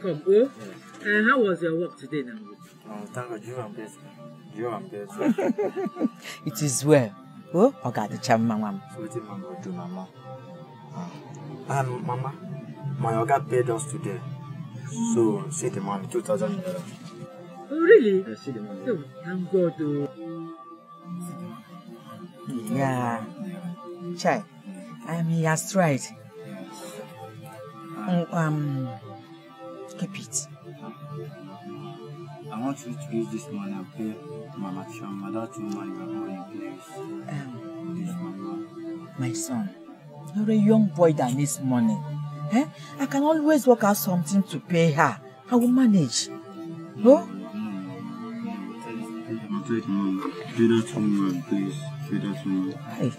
com. Oh, and how was your work today now? Oh, thank God, you and best. You and best. It is well. Oh, I got the charm, Mama. Sweetie, Mama, do Mama. Ah, Mama, my Oga paid us today. So, see the money, 2,000 naira. Oh, really? I see the money. Oh, thank God. Oh. Yeah. Chai, I mean, that's right. Um, Keep it. I want you to use this money and pay Mama Chioma that woman you are not in place. Um, this mama. My son, you're a young boy that needs money. Eh? I can always work out something to pay her. I will manage. No? Take mm, mom. Mm, mm, Do that for me, please. Do that for me. Hey.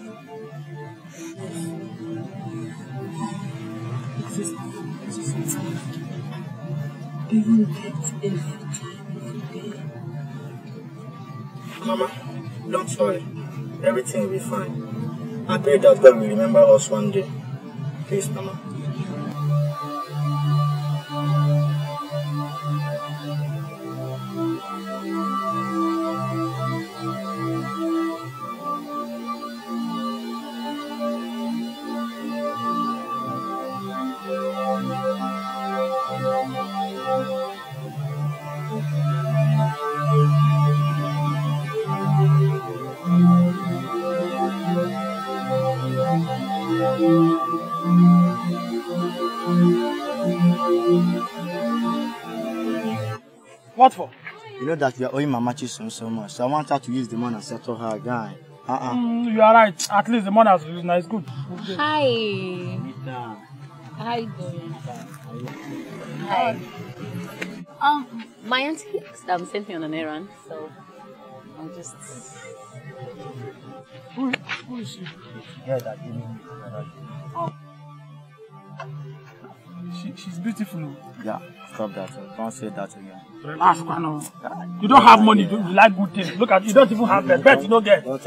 Exist. Exist. Mama, don't worry. Everything will be fine. I pray that God will remember us one day. Please, Mama. know that we are owing Mama Chisum so much, so I want her to use the money and settle her guy. Uh -uh. Mm, you are right. At least the money has released now. It's good. Okay. Hi. Hi, Hi. Um, my auntie um, sent me on an errand, so I'm just. Who, who is she? Yeah, that you mean. Oh. She, she's beautiful. Yeah, stop that. Don't say that again. Relax, Kwano. You don't have money. You, you like good things. Look at you. You don't even have a bed. You don't get. Your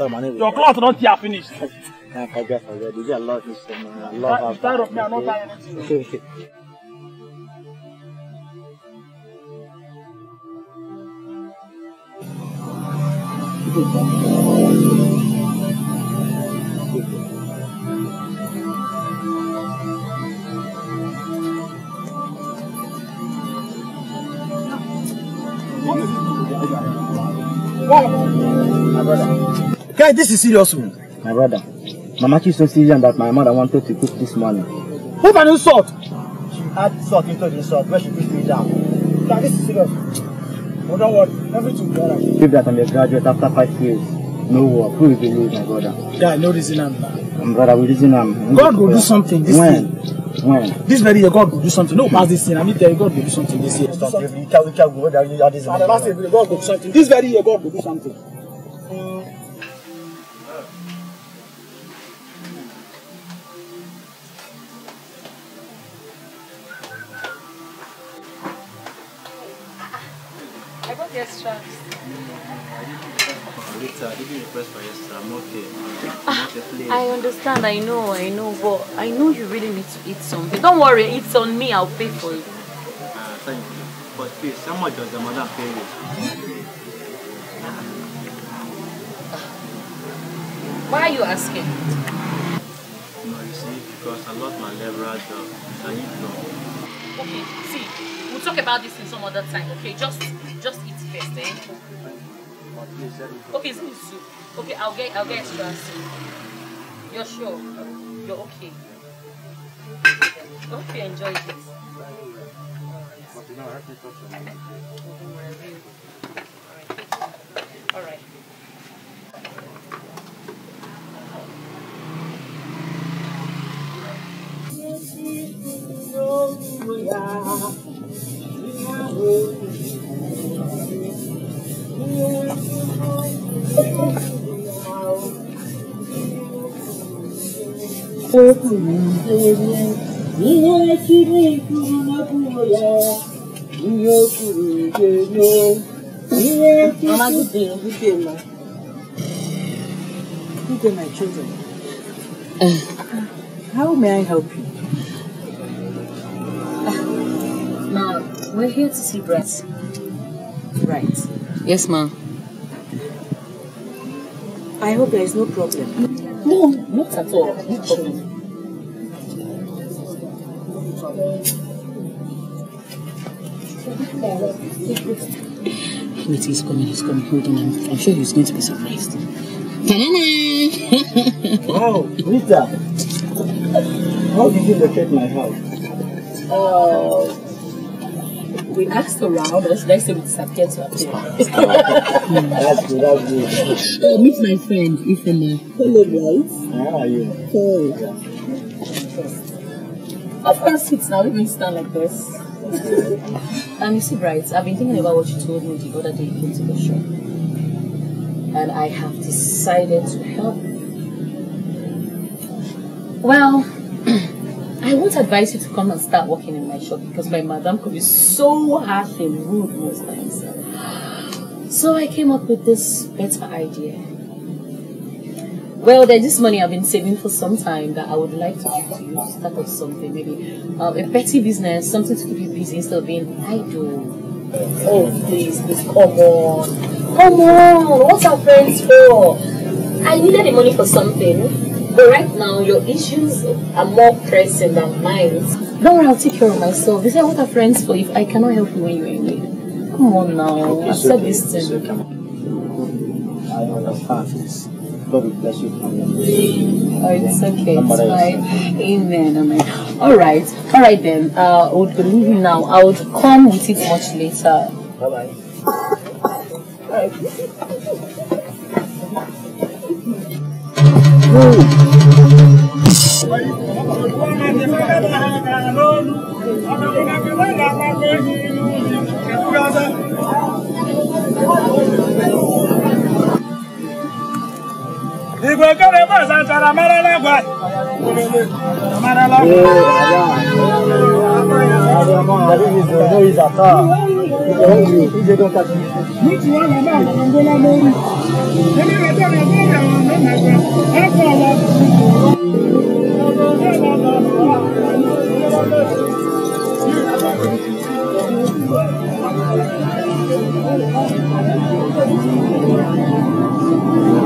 clothes don't tear finished. I forget already. There's a lot of things. I up, me. I'm not tired of anything. Thank you. My brother. Guy, this is serious. Oh. My brother. Mama is so serious that my mother wanted to cook this morning. Who can you sort? She had salt into the salt where she put me down. Guy, this is serious. But don't worry, everything will be alright. Give that I'm a graduate after five years. No, I prove in you, my brother. Yeah, no reason I'm my brother, we reason I'm God will do something this when? thing. When? This very year, God will do something. No, pass this thing. I mean, God will do something this year. God will do something. This very year, God will do something. I got the extracts. I did request for I'm I'm ah, I understand. I know. I know. But I know you really need to eat something. Don't worry. It's on me. I'll pay for it. Uh, thank you. But please, how much does the mother pay you? Why are you asking? No, you see, because I lost my leverage job. Uh, I need to Okay, see, we'll talk about this in some other time, okay? Just, just eat first, eh? Okay, it's soup. Okay, I'll get I'll get extra soup. You're sure? You're okay. Hope you enjoy this. But you know, I have to touch All right. All right. Mama, good day, good day, ma. Good day, my children. Uh, How may I help you? Uh, ma, we're here to see Brett. Right. Yes, ma. I hope there is no problem. No, not at all. No problem. He's coming, he's coming, hold on. I'm, I'm sure he's going to be surprised. Oh, Rita! How did you locate my house? Uh, we asked around, but the next day we disappeared to appear. that's good, that's good. Oh, meet my friend, Ifema. Hello, guys. How are you? Cool. Yeah. Of course, it's not even stand like this um, you see, right, I've been thinking about what you told me the other day you came to the shop. And I have decided to help Well, I won't advise you to come and start working in my shop because my madam could be so harsh and rude most times. So I came up with this better idea. Well, there's this money I've been saving for some time that I would like to give to you start up something, maybe um, a petty business, something to keep you busy instead of being idle. Oh, please, please, come on. Come on, what's are friends for? I needed the money for something, but right now your issues are more pressing than mine. Don't no, worry, I'll take care of myself. This is what are friends for if I cannot help you when you're in need. Come on now, okay, said okay, this thing. Okay. I understand this. God bless you. Oh, it's okay. It's fine. Amen. Amen. All right. All right then. Uh, I would leave you now. I would come with it much later. Bye bye. Igwe kere gbasachara marala gwa. Marala Thank you.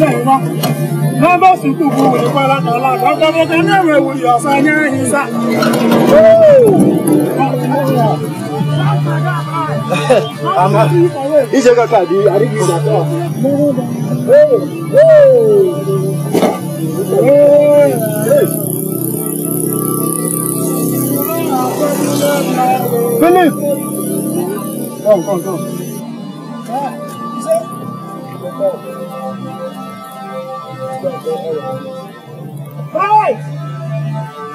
nwa n'ebe nsukwu bụ wulikwala Philip! Come, come, come. Right.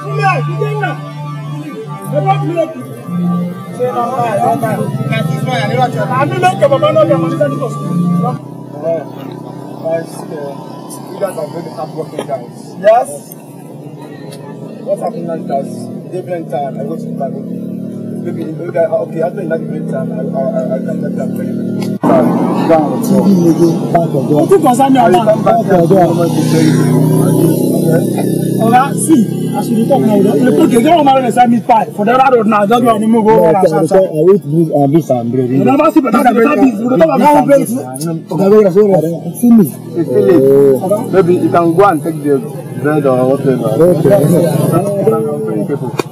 Come here, you get now. I don't make it. Say no, no, no, no. That is why I never tell you. I don't make it, but I know you're money that it was. Guys, uh, you guys are very hardworking guys. Yes. What happened now, guys? Different time, I go to the bank. I okay, after that different time, I, I, I, I can get that very TV lege Otu concern your man Back your door Oga, see As you talk now, you took a girl married and said meat pie. For the other road now, just go and move over. I will do a beef and bread. You never see better than that beef. You don't have bread. Maybe you can go and take the bread or whatever. Okay.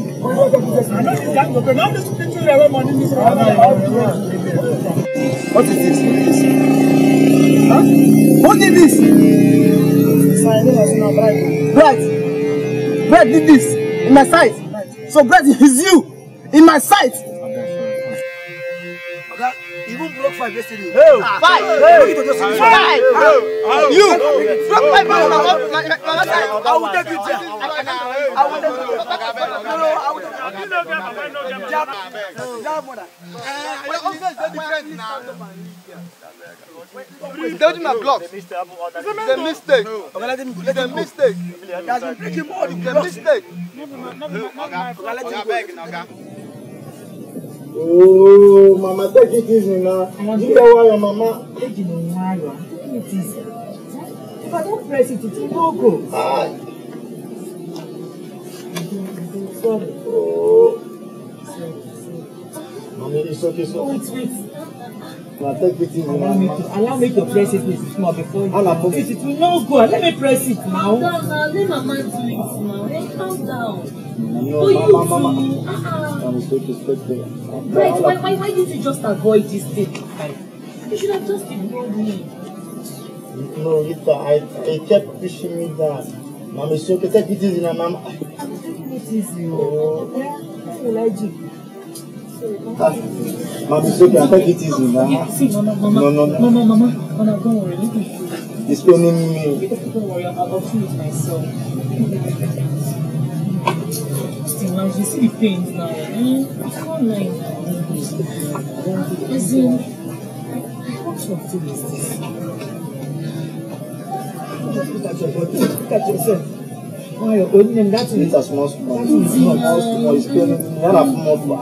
What is this? Huh? What is this? Bread. Bread did this in my sight. So bread is you in my sight block five yesterday. Hey, five. Hey, five. You block five on my mama side. I will take you there. I will take you. No, no, I will take you. You no get papa, no get mama. Jab mother. Don't do my blocks. It's a mistake. It's a mistake. That's been breaking all the blocks. It's a mistake. Not my, not my, not my. I beg, Naga. Oh, Mama, take it easy now. I You know why your Mama? Take it easy. If I don't press it, it will go. Ah. Sorry. Oh. Sorry. Mommy, it's okay, so. Wait, wait protect it in allow me to allow me to press it mrs small before you allow me it will no go let me press it now. Now, now let mama do it now hey calm down. No, but you mama, too uh-uh. right why why why did you just avoid this thing you should have just ignored me. no Rita I I kept pushing me down mama it's okay take it easy na mama. I'm taking it easy o. Oh. oh. Yeah, Mom, it's okay. I take it easy now. Yeah, no, no, no, no, no, no. no. don't worry. Let me see. It's paining me. Don't worry, I'm about to it myself. Still, now you see the pains now. Eh? I can't lie now. As in, what sort of Look at your body. Look at yourself ayọ̀ kò ní ẹni láti níta small small small small small is pé yàrá fún mọ́ fà.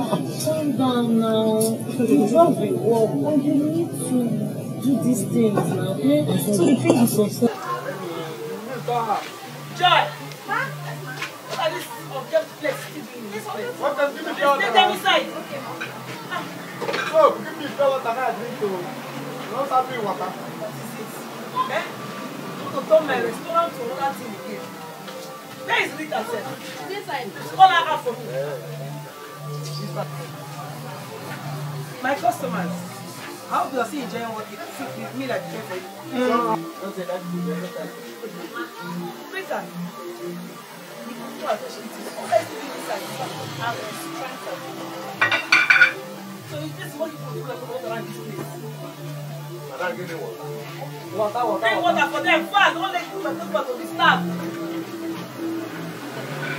Do these things now, okay? So the thing is success. Joy! Huh? What are these objects still doing in this place? What does give me the order? Take them inside. Okay, ma. Ah. Oh, give me the water I drink to. You don't have me water. What is it? Eh? You want to turn my restaurant to another thing again? Where is Rita? This side. all I have for you. My customers, how do I see enjoying what you fit with me like pay for you? Mm. Don't say that. Rita, the customer attention is always to be satisfied and strengthened. So you just want to do like what around this place. don't give me water. Water, water. Bring water for them fast. Don't let people talk about the staff.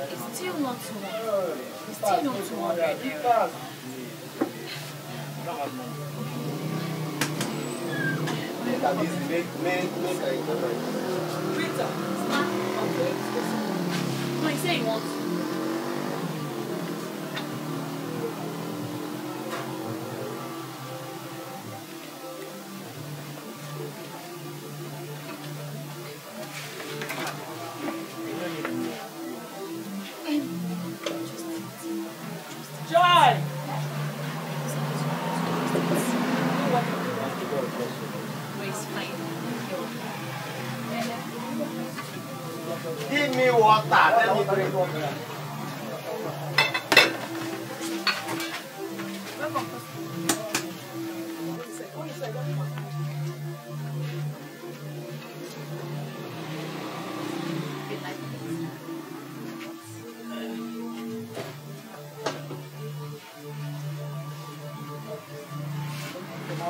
It's still not too hot. It's still not 200 naira. smart. Okay. No, he said he wants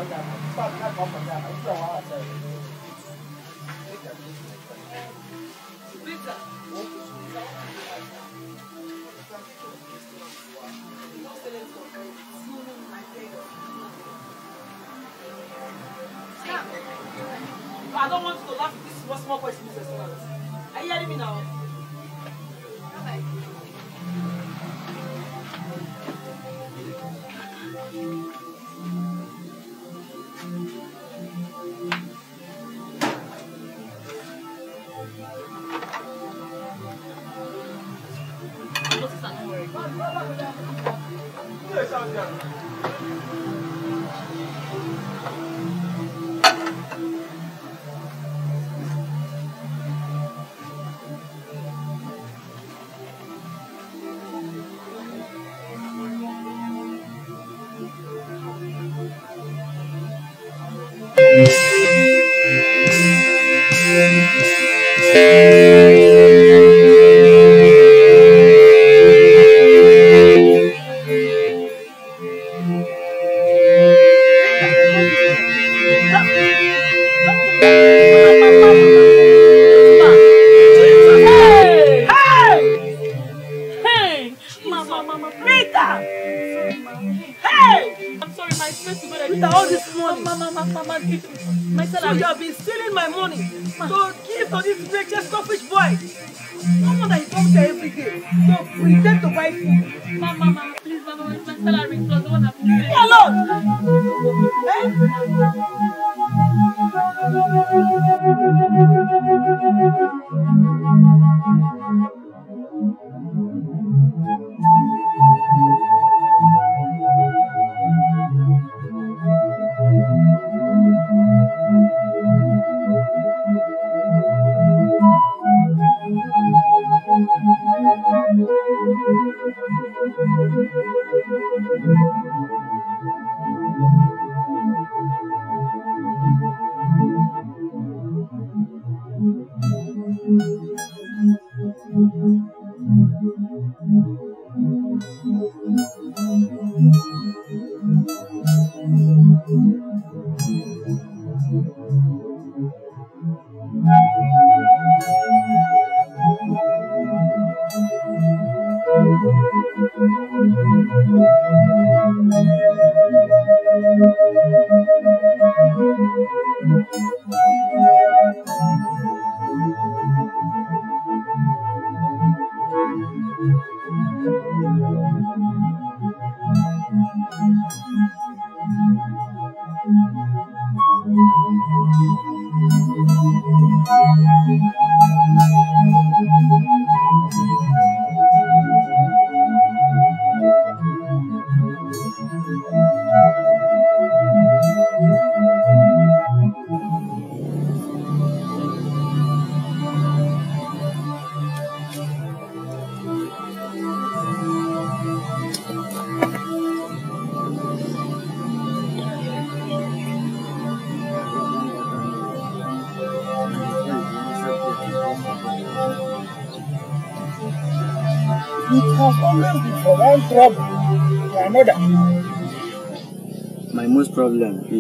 I don't want to laugh at this small question, business. Are you hearing me now?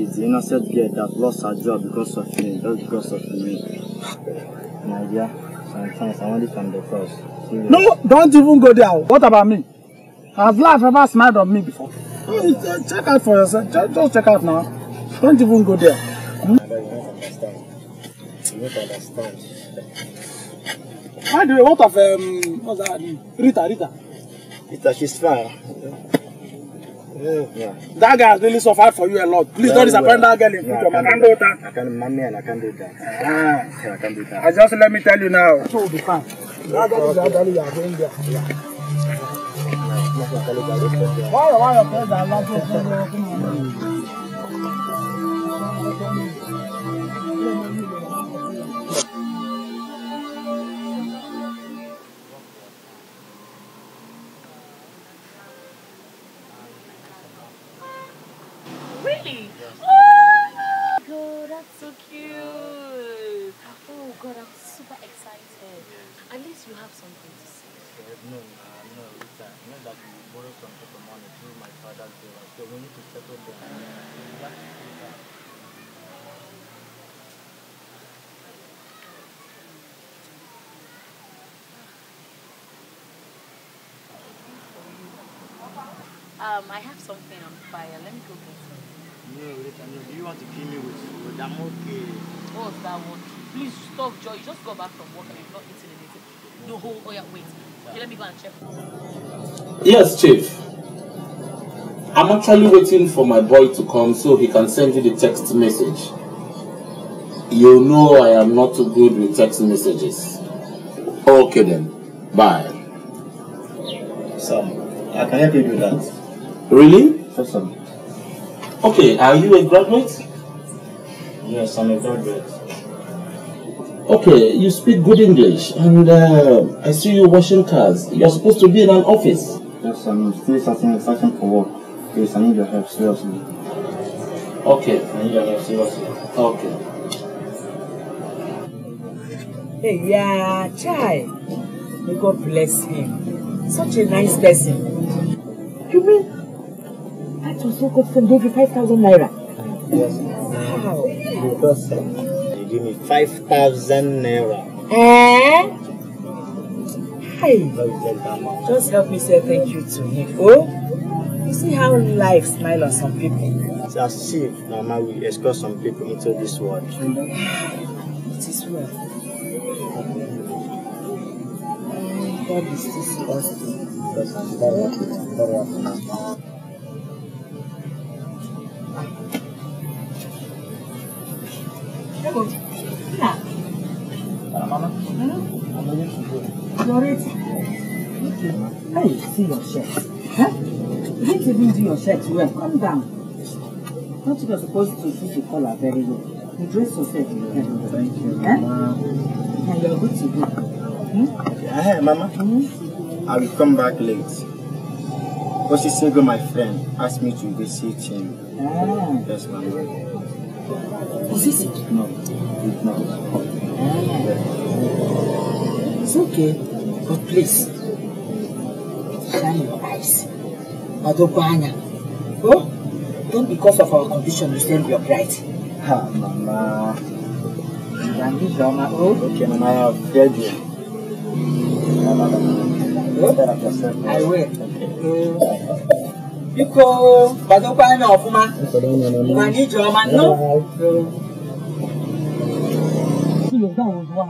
is the innocent girl that lost her job because of me, just because of me. My dear, sometimes I'm only from the cross. No, don't even go there. What about me? Has life ever smiled on me before? Check out for yourself. Just check out now. Don't even go there. Hmm? I don't understand. You don't understand. By the way, what of um, what's that? Rita, Rita. Rita, she's fine. Yeah yeah. That guy has really suffered for you a lot. Please Very don't disappoint well. that girl in future. Yeah, I can't do that. I can't marry I can't do that. Ah. Yeah, I can't do that. I just let me tell you now. It will be fine. That girl is that girl you Yeah. Why are your friends are not Um, I have something on fire. Let me go get it. No, wait, no. Do you want to kill me with food? I'm okay. Oh, that one. Please stop, Joy. You just go back from work and you've not eaten anything. No, hold. Oh, yeah, wait. Okay, let me go and check. Yes, Chief. I'm actually waiting for my boy to come so he can send you the text message. You know I am not too good with text messages. Okay then. Bye. Sam, I can help you do that. Really? Yes, Okay, are you a graduate? Yes, I'm a graduate. Okay, you speak good English, and uh, I see you washing cars. You're supposed to be in an office. Yes, I'm still searching, searching for work. Please, I need your help seriously. Okay. I need your help seriously. Okay. Hey, yeah, chai. May God bless him. Such a nice person. You mean that was so gave you 5,000 naira. Yes. Wow. you give me 5,000 naira. Eh? Hi. Just help me say thank you to him. Oh, you see how life smiles on some people. It's as if Mama will escort some people into this world. It is well. God is You're ready. Okay. How see your shirt? Huh? You didn't even do your shirt well. Calm down. Not you're supposed to see the color very well. You dress yourself in heaven. Thank you. Huh? Mama. And you're good to go. Hmm? Yeah, hey, Mama. Hmm? I will come back late. Because he's single, my friend asked me to visit him. Ah. Yes, Mama. Was he sick? No, he's not. Ah. It's okay. But please, shine your eyes. don't Adobanya. Oh, don't because of our condition you sell your bride. Ah, Mama. Thank you, Mama. Oh, okay, Mama, I have fed you. I will. Okay. Biko, Adobanya ọ̀fúnma. Mà ní ìjọ ọmọ náà. Kí ló dáhùn wá?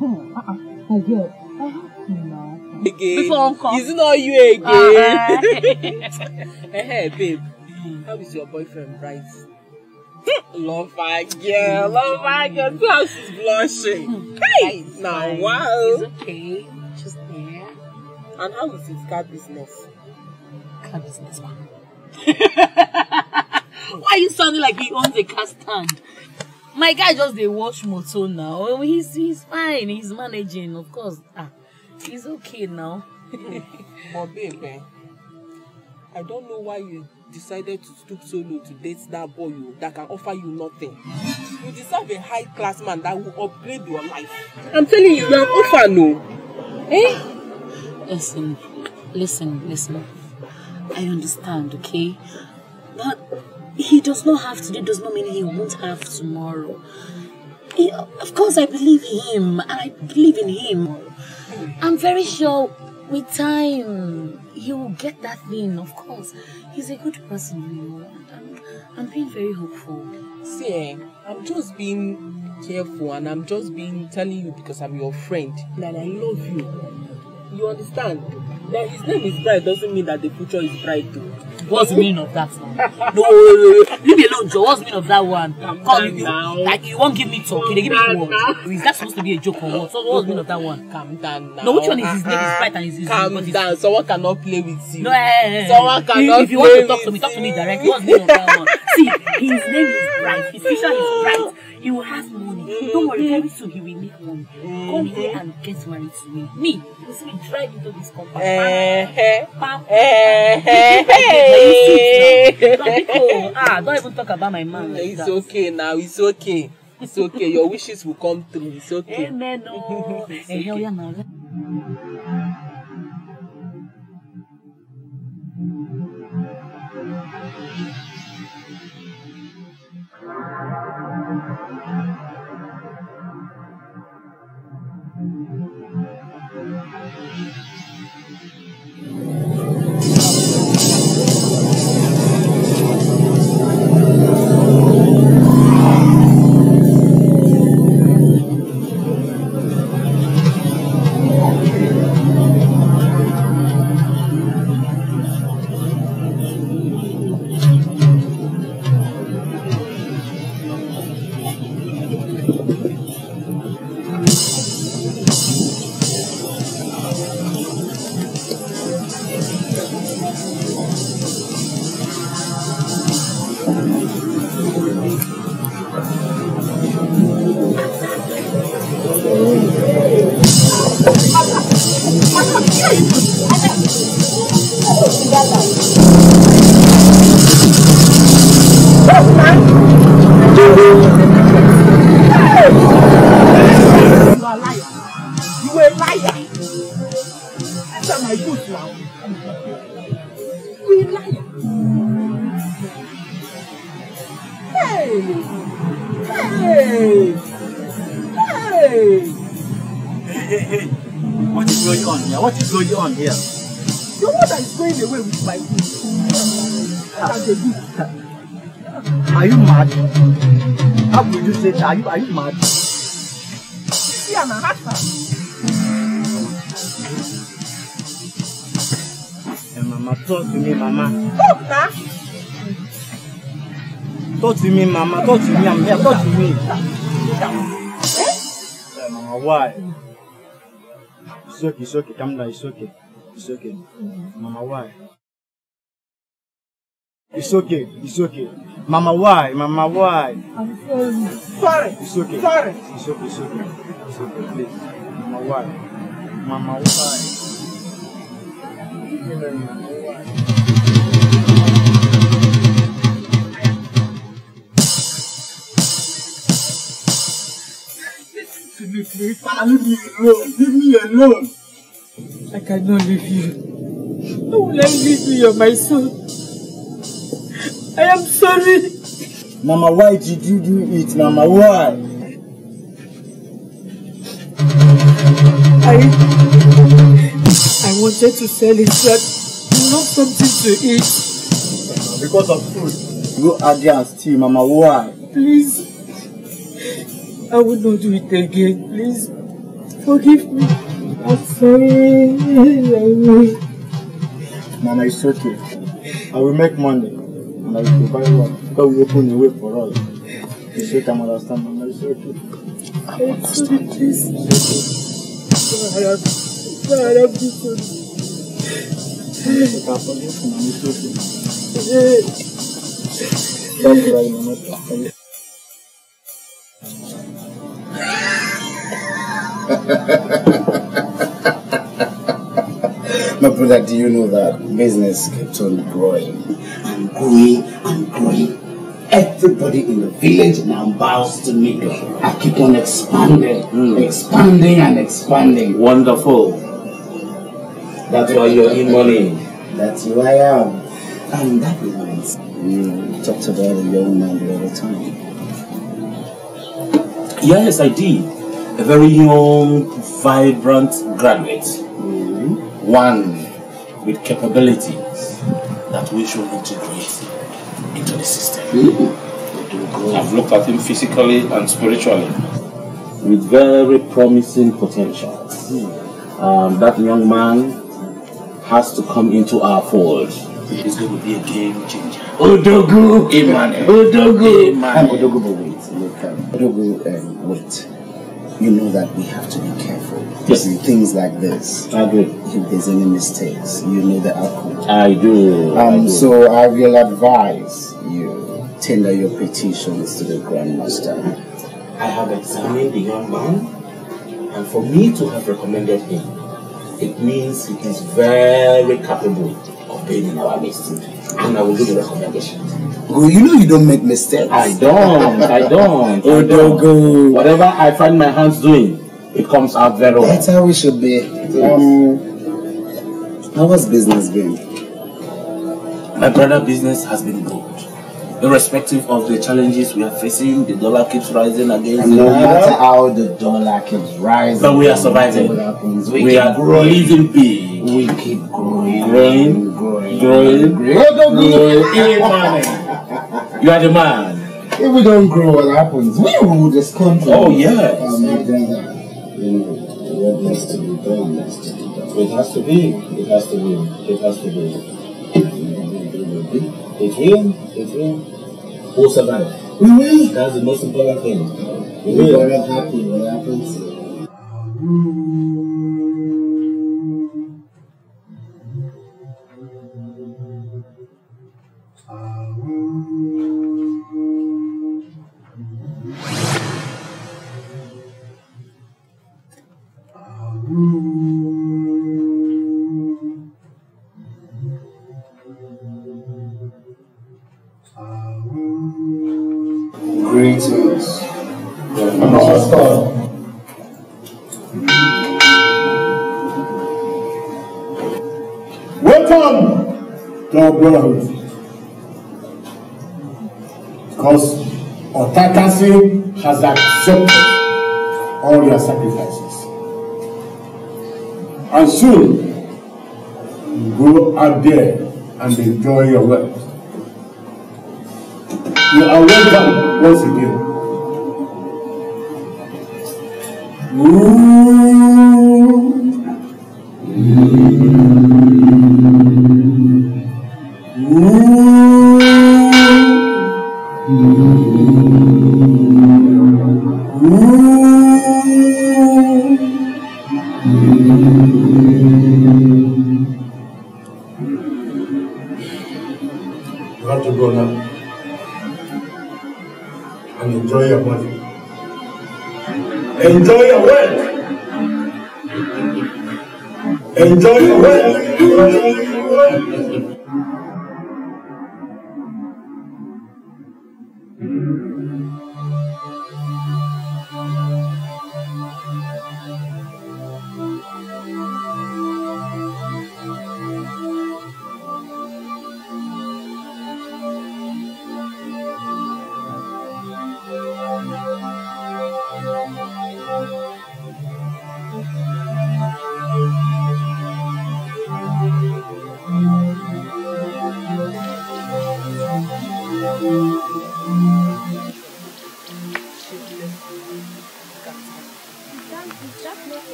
Kí ló dáhùn wá? No. Mm-hmm. Again. Before uncle. Is it not you again? Uh, uh. Eh, hey, babe. Mm. How is your boyfriend, Bryce? love my girl, love my girl. See how she's blushing. Hmm. Hey, now what? wow. It's okay. Just there. And how is his car business? Car business, man. Why are you sounding like he owns a car stand? my guy just dey wash motor now oh, he's he's fine he's managing of course ah he's okay now. Hmm. but babe eh, i don't know why you decided to stoop so low to date that boy you oh, that can offer you nothing you deserve a high class man that will upgrade your life. i'm telling you you offer no. orphan Eh? listen listen listen i understand okay but he does not have today does not mean he won't have tomorrow. He, of course, I believe him, and I believe in him. I'm very sure with time he will get that thing. Of course, he's a good person, you know. I'm, I'm being very hopeful. See, eh, I'm just being careful, and I'm just being telling you because I'm your friend, and I love you. You understand? That his name is bright doesn't mean that the future is bright too. What's the meaning of that one? no, wait, wait, wait. Leave me alone, Joe. What's the meaning of that one? Come, Calm you, down. Like, you won't give me talk. They give me words. Is that supposed to be a joke or what? So, what's the meaning of that one? Calm down now. No, which one is his name is bright and his, his Calm his down. Someone cannot play with you. No, eh, eh, eh, eh. Someone cannot play with you. If you want to talk to me, talk to me directly. What's the meaning of that one? See, his name is bright. His future is bright. He will have money. Don't worry, very soon he will make money. Come here mm-hmm. and get married to me. Me, you see me drive into this compound. Eh, pam, pam, eh, eh, Ah, don't even talk about my man. Like it's that. okay now. It's okay. It's okay. Your wishes will come true. It's okay. Amen. Oh. it's okay. hey, hey. What is going on here? What is going on here? Your mother is going away with my kids. Are you mad? How would you say that? Are you, are you mad? See, I'm a hard Mama, talk to me, Mama. Talk now. Talk to me, Mama. Talk to me. I'm here. Talk to me. na mawaye isoke isoke kamda isoke isoke mama waye It's okay. It's okay. Mama, why? Mama, why? I'm sorry. Sorry. It's okay. Sorry. It's okay. It's okay. It's okay. Please. Mama, why? Mama, why? Leave me alone. Leave me alone. I cannot leave you. Don't will I leave you? You're my son. I am sorry. Mama, why did you do it, Mama? Why? I I wanted to sell it, but not something to eat. Because of food. You are there still, Mama. Why? Please. I will not do it again. Please forgive me. I'm sorry. Mama, it's okay. I will make money and I will provide work. God will open the way for us. You should come understand, Mama. It's okay. I'm sorry, please. I have, I have this one. I forgive you, Mama. It's okay. Eh. Don't cry, Mama. My brother, do you know that business kept on growing and growing and growing? Everybody in the village now bows to me. I keep on expanding, mm. expanding and expanding. Wonderful. That's why you're in money. That's who I am. And that reminds me, you hmm. talked about the young man the other time. Yes, I did. A very young, vibrant graduate. Mm. One with capabilities that we should integrate into the system. Mm. I've looked at him physically and spiritually. With very promising potential. Mm. Um, that young man has to come into our fold. He's going to be a game changer. Odogu! Emmanuel. Odogu! Emmanuel. Odogu I will wait, you know that we have to be careful. Yes. In things like this. I agree. If there's any mistakes, you know the outcome. I do. Um, I do. So I will advise you tender your petitions to the Grandmaster. I have examined the young man, and for me to have recommended him, it means he is very capable of being in our midst and I will give you recommendations. you know you don't make mistakes. I don't. I don't. oh, I don't. go. Whatever I find my hands doing, it comes out very well. That's how we should be. Um, how has business been? My brother, business has been good irrespective of the challenges we are facing, the dollar keeps rising against no matter how the dollar keeps rising. But we are surviving. We, we are growing. living big. We keep growing, growing, growing, growing. growing. Amen. You are the man. If we don't grow, what happens? We rule this country. Oh yes. Um, you know, what needs to be done needs to be done. It has to be. It has to be. It has to be. It will. It will. We'll survive. We will. That's the most important thing. We will. Whatever happens, what happens. Mm. Pastor. Welcome to our brotherhood. Because Otakasi has accepted all your sacrifices. And soon, you go out there and enjoy your work. You are welcome once again. Ooh.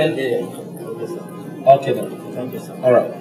10 a.m. Okay then. Thank you, sir. All right.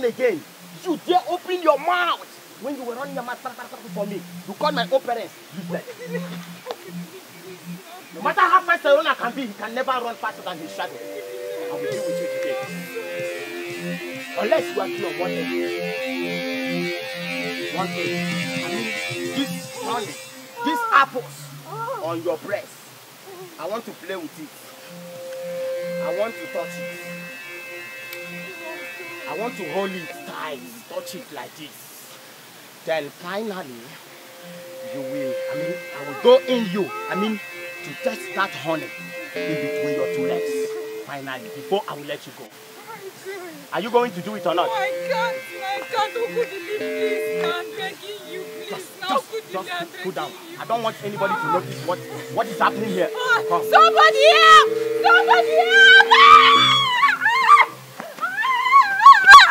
nothing again. You dare open your mouth when you were running your mouth for me. You called my own parents useless. No matter how fast a runner can be, he can never run faster than his shadow. I will deal with you today. Unless you are clear on one thing. One thing. I mean, this honey, these apples on your breast, I want to play with it. I want to touch it. I want to hold it tight, touch it like this. Then finally, you will, I mean, I will go in you, I mean, to test that honey in between your two legs. Finally, before I will let you go. Are you going to do it or not? Oh my God, my God, Who could Ukudili, this? I'm begging you, please. Just, now, just, Ukudili, just I'm cool down. You. I don't want anybody to notice what, what is happening here. Oh, Somebody help! Somebody help! Ah!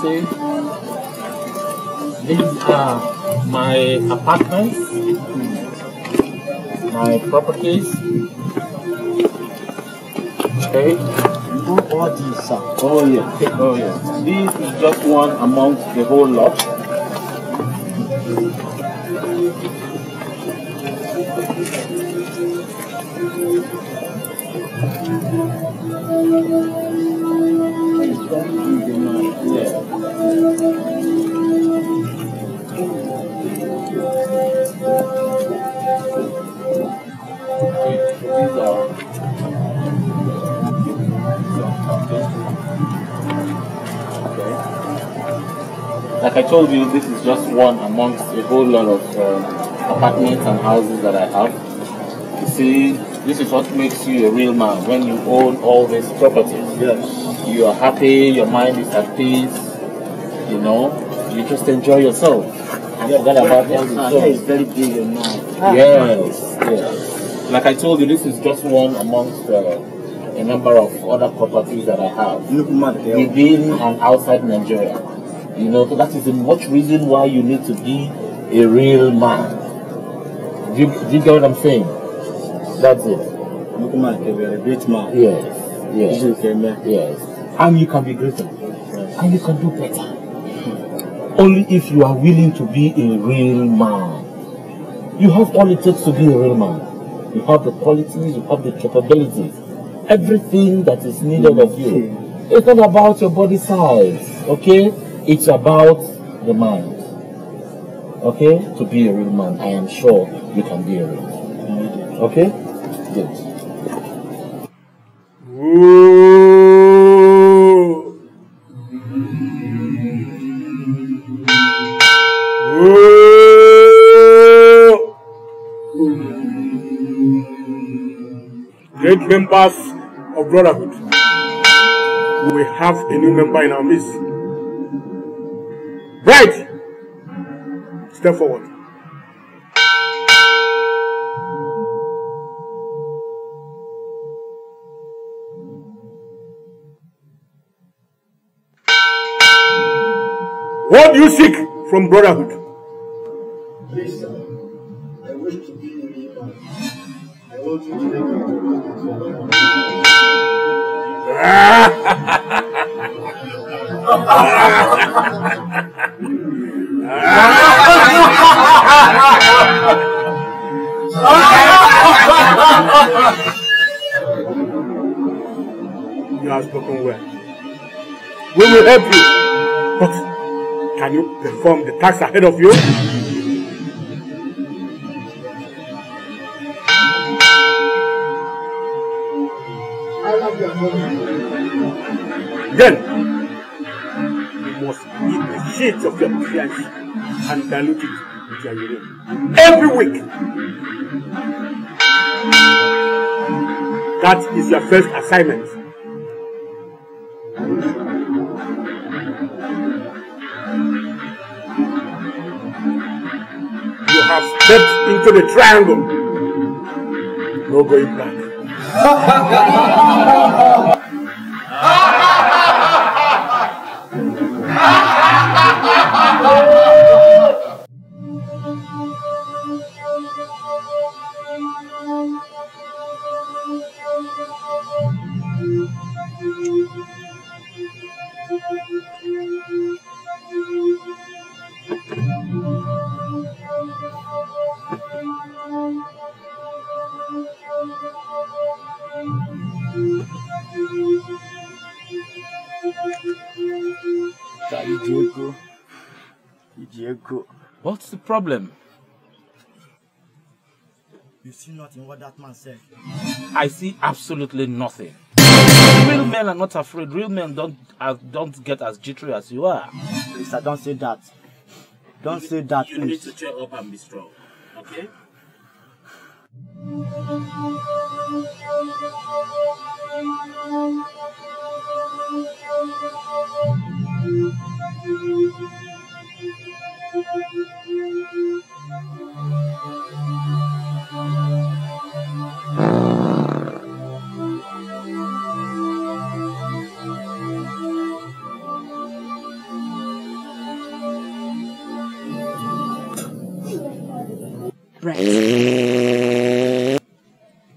say these are my apartments, my properties. Okay. You all these, sir. Oh yeah. Oh yeah. This is just one amongst the whole lot. told you this is just one amongst a whole lot of uh, apartments and houses that I have. You see, this is what makes you a real man when you own all these properties. Yes. You are happy, your mind is at peace, you know, you just enjoy yourself. Yeah. That about all the is very big and nice. Yes, yes. Like I told you, this is just one amongst uh, a number of other properties that I have. Look, Within and outside Nigeria. You know, so that is the much reason why you need to be a real man. Do you, do you get what I'm saying? That's it. You can be a great man. Yes. Yes. Yes. And you can be greater. Yes. And you can do better. Only if you are willing to be a real man. You have all it takes to be a real man. You have the qualities, you have the capabilities, everything that is needed of you. Mm-hmm. It's not about your body size, okay? It's about the mind. Okay? To be a real man, I am sure you can be a real man. Okay? Good. Great members of Brotherhood. We have a new member in our midst. Step forward. What do you seek from brotherhood? Please, sir, I wish to be in the Iman. I want to be in the Iman. Ah! you have spoken well. We will help you. But can you perform the task ahead of you? I love Then, you must eat the shit of your friends and dilute it Every week. That is your first assignment. You have stepped into the triangle. No going back. ego. What's the problem? You see nothing what that man said. I see absolutely nothing. Real men are not afraid. Real men don't uh, don't get as jittery as you are. Please, I don't say that. Don't you say that. You please. need to cheer up and be strong. Okay. Right.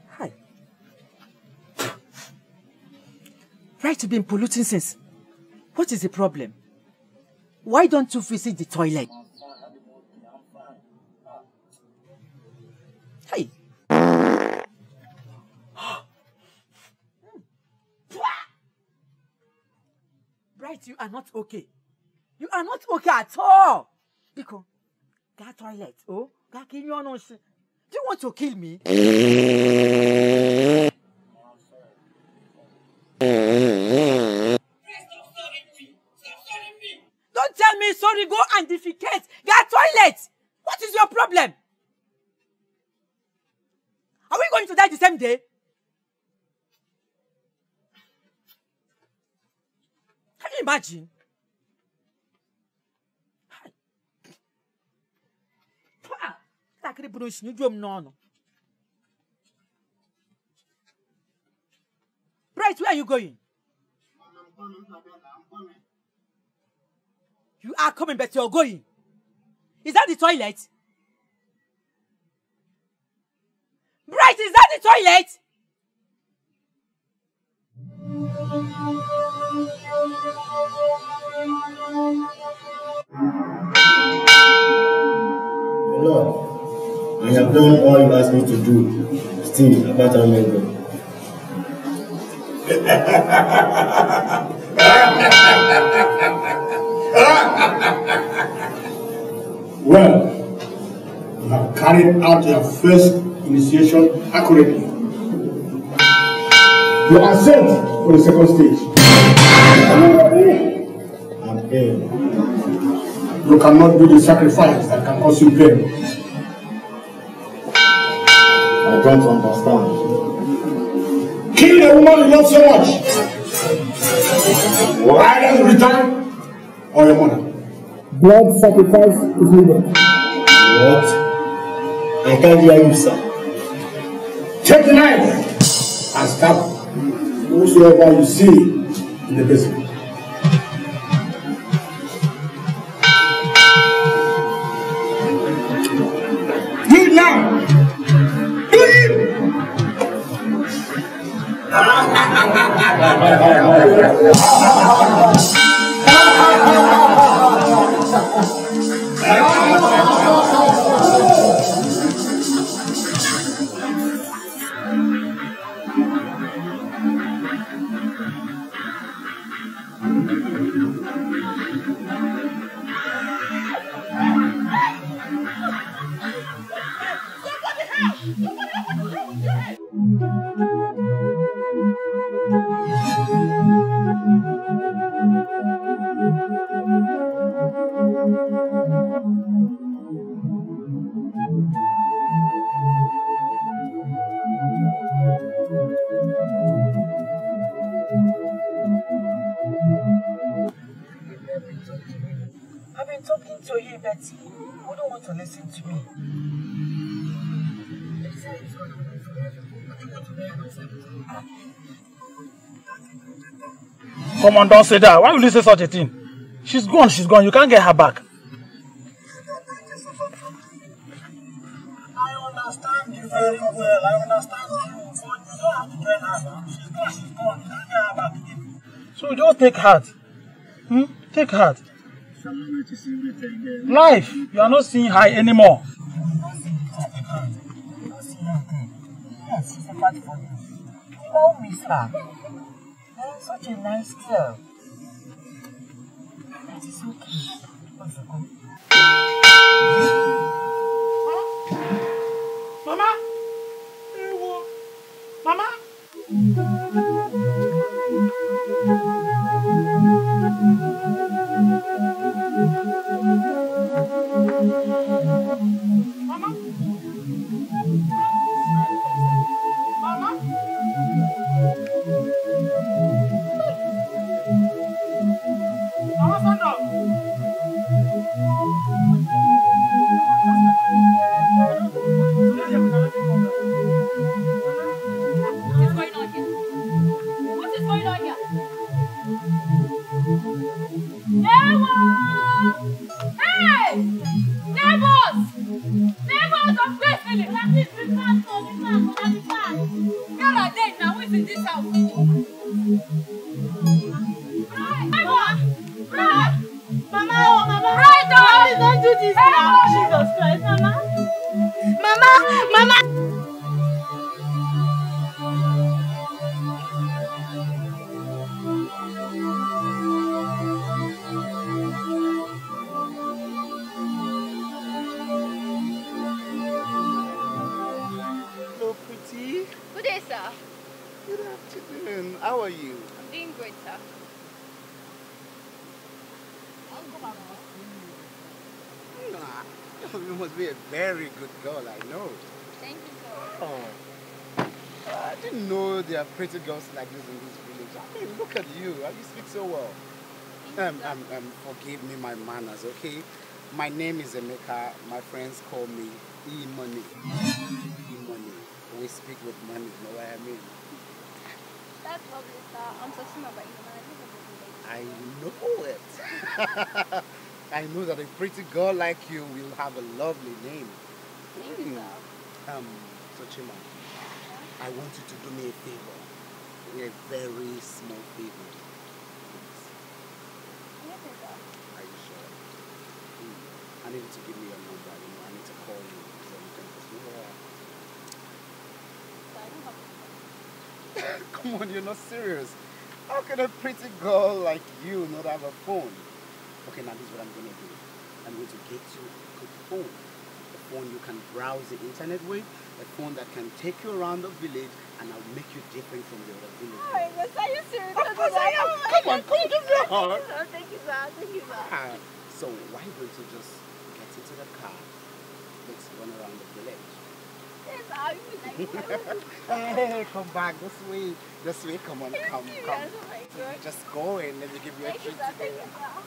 Hi. Right, you've been polluting since. What is the problem? Why don't you visit the toilet? right, you are not okay. You are not okay at all. Biko, that toilet, oh, that Do you want to kill me? Imagine. ntakịrị bụrụ nsi n'uju m n'ọnụ. Bright, where are you going? You are coming, but you are going. Is that the toilet? Bright, is that the toilet? Lord, I have done all you asked me to do. Still, I can't well, you have carried out your first initiation accurately. You are sent to the second stage. Amen. You cannot do the sacrifice that can cause you pain. I don't understand. Kill the woman you love so much. Why don't you return or your mother? Blood sacrifice is needed. What? I can't hear you, sir. Take the knife and stab whosoever you see in the business, Ha ha ha ha ha! Come on, don't say that. why will you say such a thing? She's gone, she's gone. You can't get her back. I understand you very well. I understand you. But you don't have to get her back. She's gone, she's gone. You can't get her back again. So don't take heart. Hmm? Take heart. Life, you are not seeing high anymore. Yes, she's a bad for you. You don't miss her. Such a nice girl. That is okay. One second. Mama! Mama! Mama! pretty girls like this in this village. I mean, look at you. You speak so well. Um, um, um, forgive me my manners, okay? My name is Emeka. My friends call me E-Money. E-Money. We speak with money, you know what I mean? That's lovely, sir. I'm talking about you, man. I know it. I know that a pretty girl like you will have a lovely name. Thank you, hmm. sir. Um, Sochima, I want you to do me a favor in a very small people. Are you sure? Mm. I need to give me your number. You know, I need to call you so you can just yeah. Come on, you're not serious. How can a pretty girl like you not have a phone? Okay, now this is what I'm gonna do. I'm going to get you a good phone. A phone you can browse the internet with, a phone that can take you around the village and I'll make you different from the other villagers. Oh, yes, are you serious? Of course I am. Oh come on, come on, give me a hug. thank you, sir. Thank you, sir. Ah, so why don't you just get into the car? Let's run around the village. Yes, I will. hey, come back this way. This way, come on, come, come. Oh my God. Just go and let me give you a treat. Thank you, sir. Thank you, sir.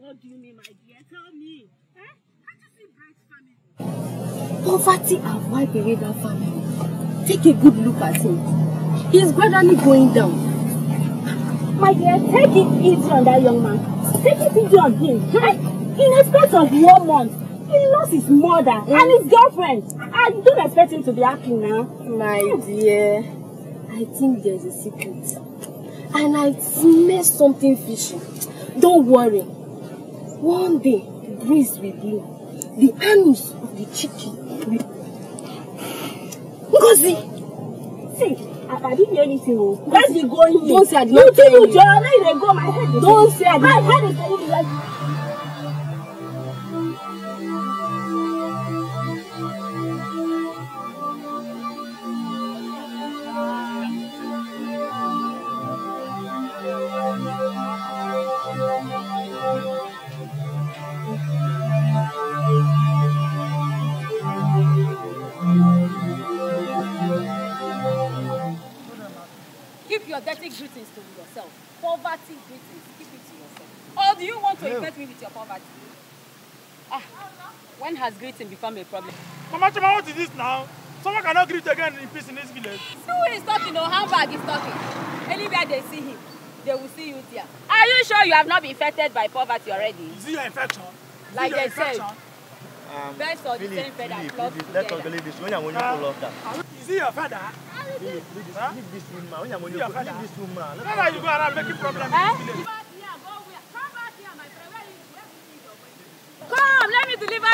What do you mean, my dear? Tell me. Eh? Can't you see Bright's family? Poverty and why bury family? Take a good look at him. He's gradually going down. My dear, take it easy on that young man. Take it easy on him. In a space of one month, he lost his mother mm. and his girlfriend. I don't expect him to be happy now. My dear, I think there's a secret. And I smell something fishy. Don't worry. One day, the breeze will blow. The anus of the chicken will... Ngozi! See, I, I didn't hear anything. Oh. That's going Don't say I didn't hear you. Don't say I didn't hear you. Don't say I didn't hear you. thing become a problem. Mama Chima, what is this now? Someone cannot greet again in peace in this village. See who is talking or oh, handbag is talking. Anywhere they see him, they will see you there. Are you sure you have not been infected by poverty already? Is it your infection? Is like they infection? said. Um, Best or Philip, the same feather Philip, flock together. Let us believe this. When you to ah. love that. Is it your feather? Philip, leave this, huh? leave this woman. When you are leave this woman. Why are you go around making problems in this eh? village?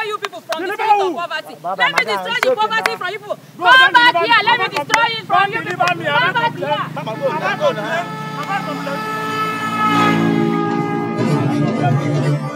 you people from you the of poverty. Baba, let me destroy the poverty from you people. Bro, Come back here. Let me destroy it from you people. Come back here. Mama, go. Mama, go. Mama, go.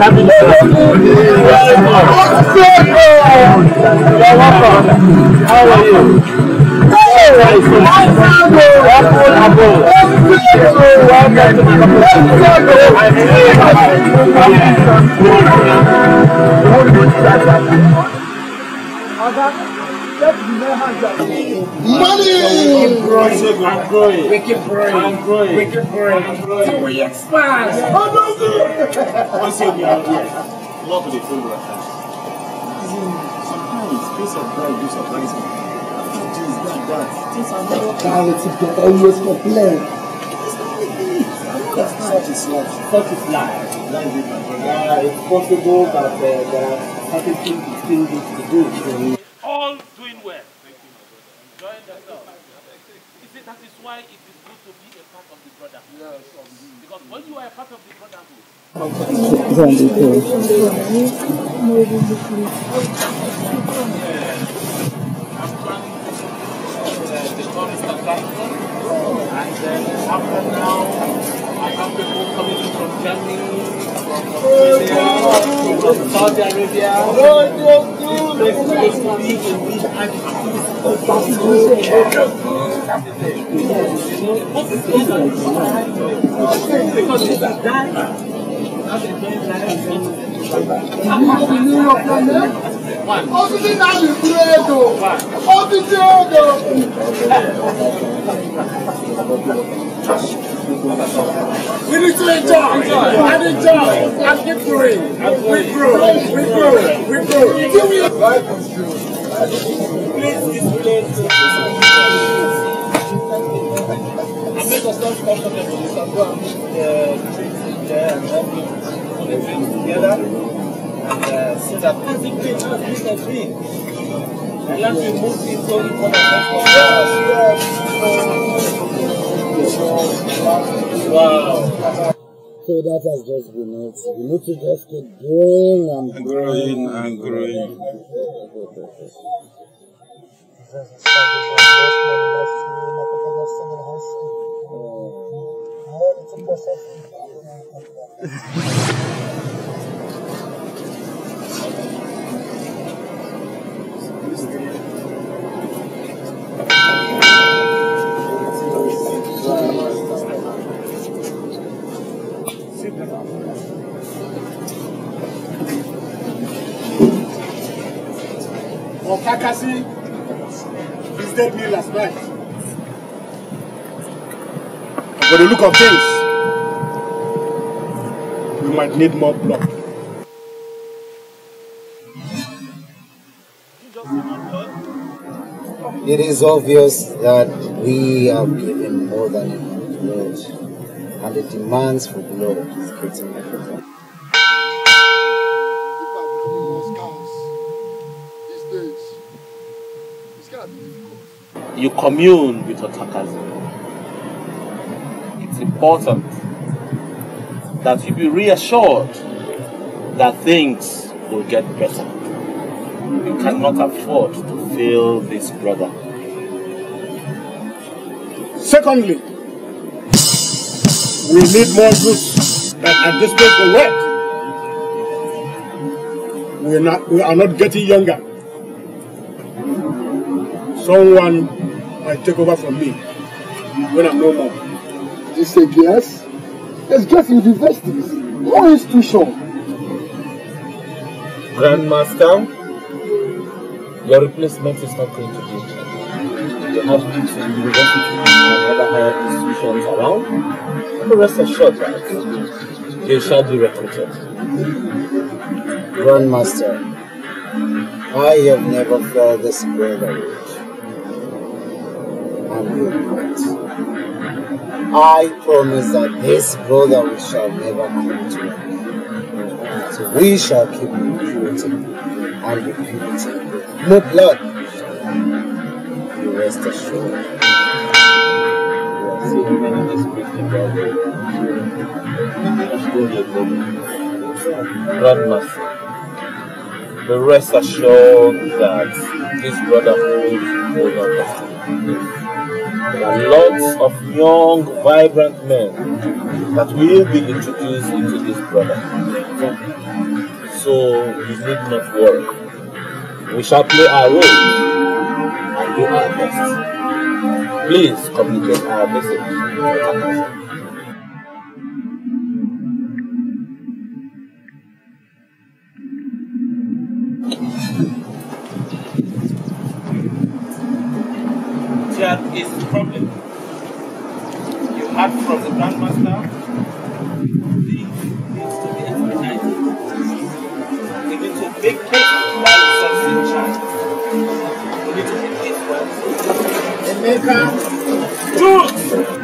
How are you? Welcome to the company. keep growing. I'm growing. We keep growing. i growing. We keep growing. I'm growing. So we expand. Once you are here, love the full Sometimes this surprise do surprise me. Things like that. Things are not. Clarity Such is life. Such is life. Yeah, it's possible, but uh, there are certain things this? That is why it is good to be a part of the brotherhood. Yes, because when you are a part of the brotherhood, I'm planning to the Forest and then after now. I coming from Germany, from Saudi Arabia, places to be in which activities Because it's a diet, not a joint diet. Ìlú ọ̀pọ̀lọ́. Ọ́fíìsì náà lè fi èdò. Ọ́fíìsì èdò. We need to enjoy, and enjoy, and keep growing. We grow, we grow, we grow. Give me a life of you. Please, please, please. Make us not comfortable. We can go and meet the trees in there and everything. the drinks together and uh, sit up. As you can just the drink. And as we move into the conversation. Wow. So that has just been it. You need to just keep growing and growing and growing. Oh. Kakasi visited me last night. For the look of things, we might need more blood. It is obvious that we are given more than enough blood, and the demands for blood is getting greater. You commune with your Otakazi. It's important that you be reassured that things will get better. You cannot afford to fail this brother. Secondly, we need more youth that anticipate the world. We're not, we are not getting younger. Someone might take over from me when I'm no more. Do you a yes? Let's just universities, no institution. Grandmaster, your replacement is not going to be You have to in university and other higher institutions around. The rest assured that they shall be recruited. Grandmaster, I have never felt this bravery. And you I promise that this brother we shall never come to end. So we shall keep him purity and the purity. No blood shall be rest assured. Grandmaster, the rest assured that this brotherhood will not lots of young, vibrant men that will be introduced into this program. So we need not worry. We shall play our role and do our best. Please communicate our message. apart from the grandmaster, the needs to be expedited. We need to make case while it's in charge. We need to make case while it's in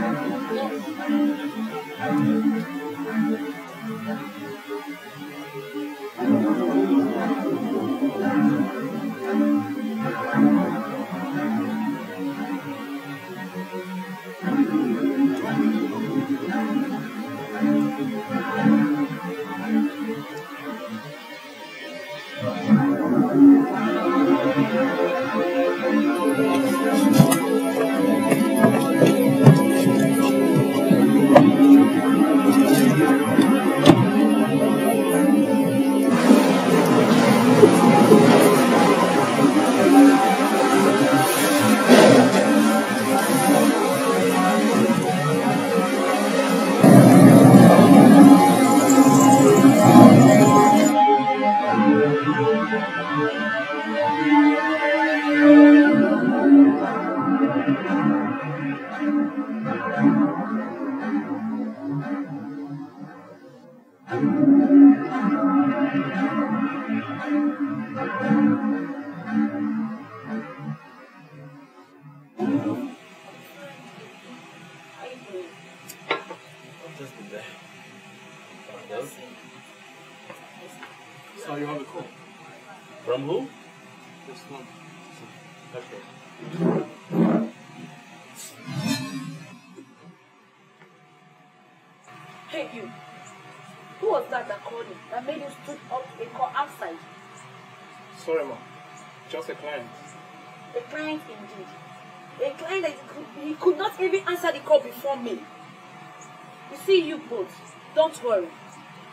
worry.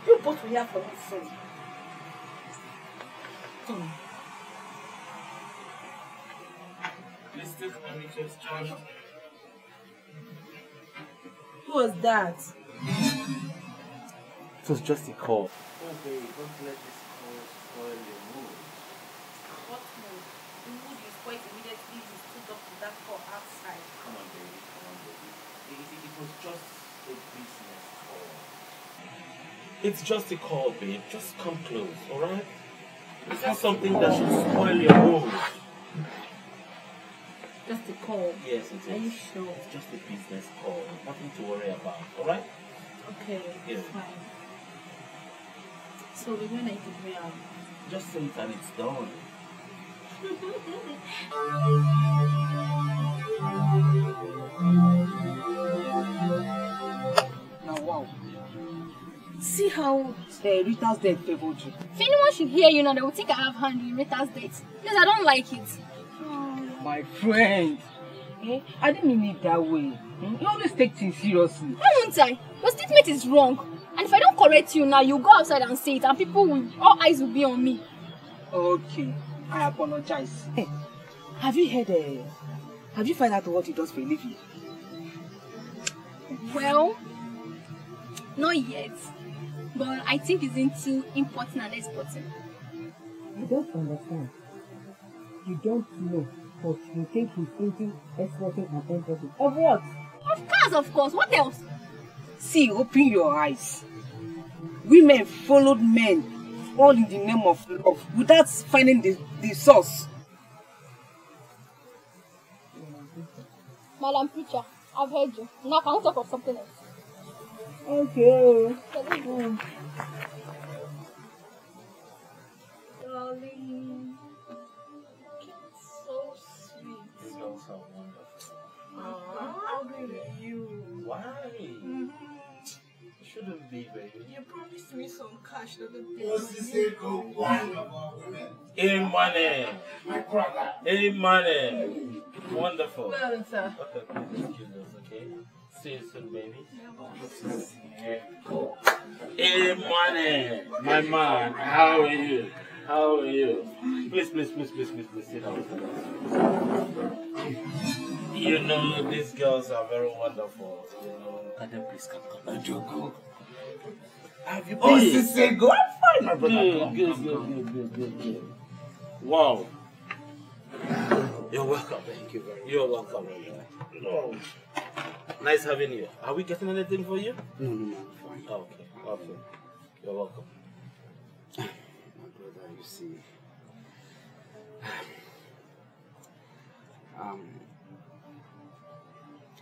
You both will hear from me soon. Hmm. Mystic Amicus Church. Who was that? It was just a call. It's just a call, babe. Just come close, alright? Is that something that should spoil your mood? Just a call? Yes, it is. Are you sure? It's just a business call. Nothing to worry about, alright? Okay, yes. fine. So we're gonna eat it real. Just say it and it's done. See how uh, Rita's death favored you. If anyone should hear you now, they will think I have hand in Rita's death. Because I don't like it. Oh. My friend, eh? I didn't mean it that way. Hmm? You always take things seriously. Why won't I? Your statement is wrong. And if I don't correct you now, you go outside and say it, and people will, all eyes will be on me. Okay, I apologize. Hey, have you heard? Uh, have you found out what he does for a living? Well, not yet but I think he's into importing and exporting. You don't understand. You don't know, but you think he's into exporting and importing. Of what? Of course, of course. What else? See, open your eyes. Women followed men, all in the name of love, without finding the, the source. Madam Preacher, I've heard you. Now, can we talk of something else? Okay. Darling, it's so sweet. You are so wonderful. How do you? Why? shouldn't be. You promised me some cash What's the sake of In money. My In money. Wonderful. Well, sir. Okay, okay? See you soon, baby. Hey, money, my man, how are you? How are you? Please, please, please, please, please, please sit down. You know, these girls are very wonderful. You know, can they please come, come, come. Have you been? Oh, Sisse, go and find my brother. Good, good, good, good, good, good. Wow. You're welcome. Thank you very much. You're welcome. You're welcome. Nice having you. Are we getting anything for you? No, no, no, I'm fine. Oh, okay, okay. You're welcome. My brother, you see. Um,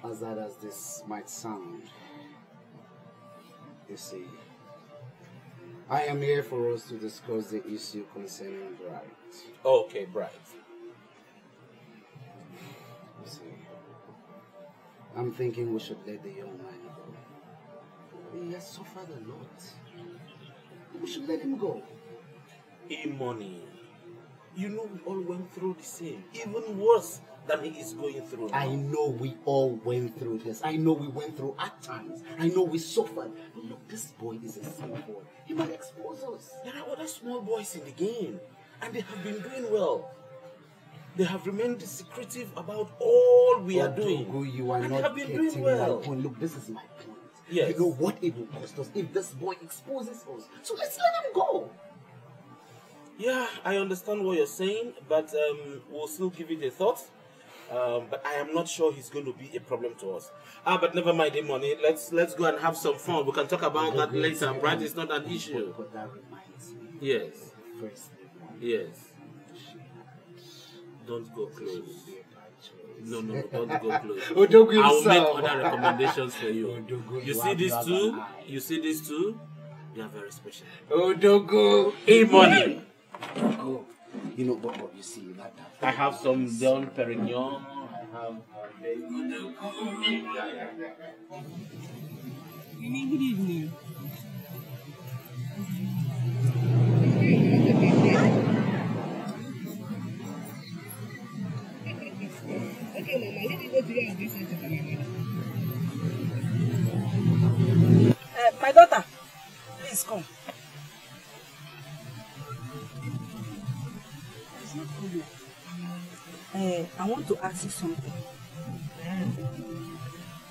as bad as this might sound, you see, I am here for us to discuss the issue concerning Bright. Okay, Bright. I'm thinking we should let the young man go. He has suffered a lot. We should let him go. In money. You know we all went through the same. Even worse than he is going through. Now. I know we all went through this. I know we went through at times. I know we suffered. But look, this boy is a small boy. He might expose us. There are other small boys in the game. And they have been doing well. They have remained secretive about all we are doing. You are and not have been doing well. point. Look, this is my point. Yes. You know what it will cost us if this boy exposes us. So let's let him go. Yeah, I understand what you're saying, but um, we'll still give it a thought. Um, but I am not sure he's going to be a problem to us. Ah, but never mind, money. Let's let's go and have some fun. We can talk about that later. Right? It's not an issue. That reminds me. Yes. Yes don't go close. No, no, don't go close. I'll make other recommendations for you. You see these two? You see these two? They are very special. Odogo. E-money. Go. Oh, you know, what? What you see that. I have some Don Perignon. I have. Good evening. Eh, my daughter, please come. Uh, I want to ask you something.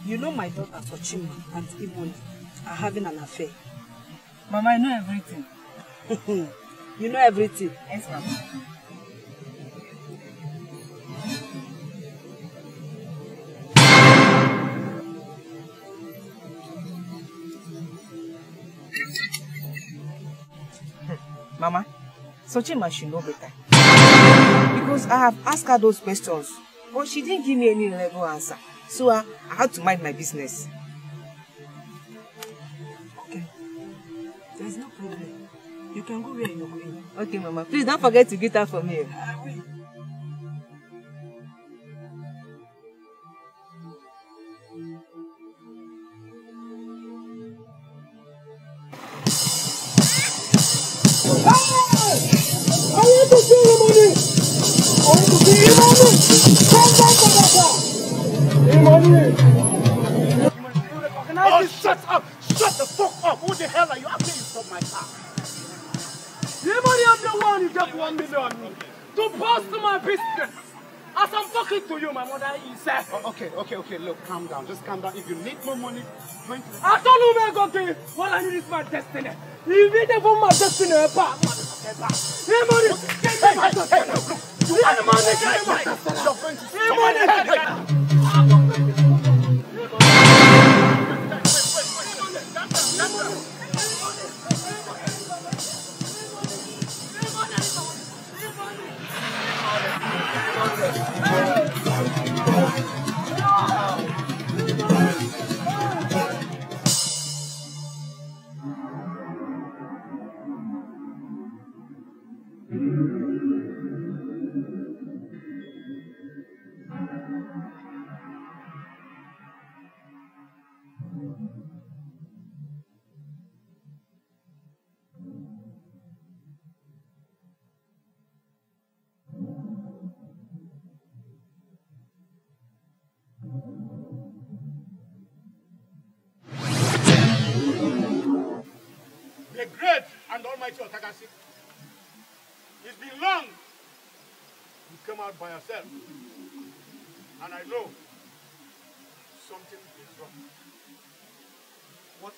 You know my daughter Tochima and Ibon are having an affair. Mama, I know everything. you know everything. Yes, Mama. Mama, Sochima should know better. Because I have asked her those questions, but she didn't give me any reliable answer. So I, uh, I had to mind my business. Okay. There's no problem. You can go where you're going. Okay, Mama. Please don't forget to get that for me. I will. Oh, you? I'll you from I'm the one who just one million to bust my business. As I'm talking to you, my mother is there. Oh, okay, okay, okay. Look, calm down. Just calm down. If you need more money, going to. I told you, man, God, what I need is my destiny. If it ever my destiny, I'm back. Anybody, Hey, me my destiny. Hey, hey, look, look. Son of a bitch! by yourself. And I know something is wrong. What?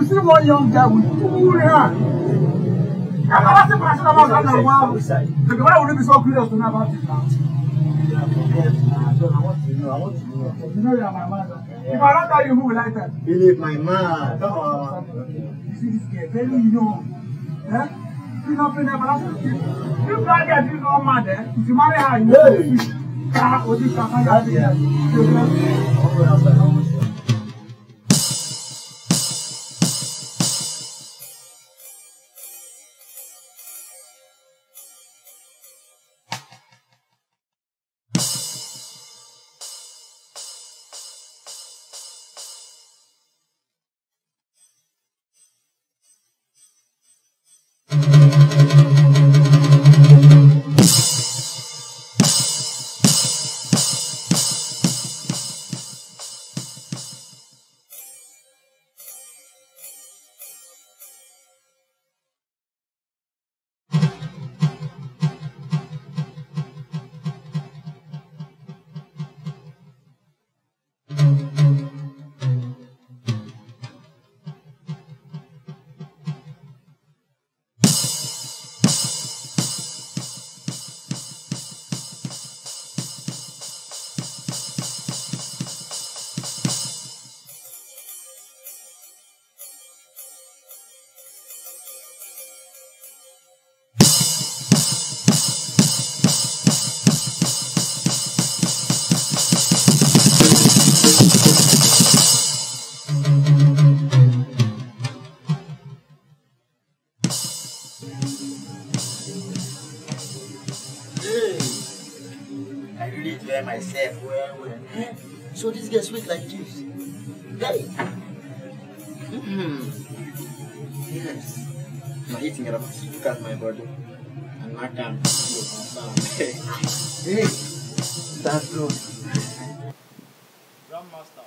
you see one young guy with two hands. I've never seen Pastor Thomas like that wow. why would you be so curious to know about it now? I want to know. I want to know. You know you're my mother. Yeah. If I don't tell you, who will I tell? Philip, my mother. Don't worry. see this guy, very young. Eh? He's not paying everlasting gift. If that guy is not mad, eh? If you marry her, you will be Ah, Odi, Kaka, Yadi, think i have to my body. And my time Hey! That's true. Grandmaster,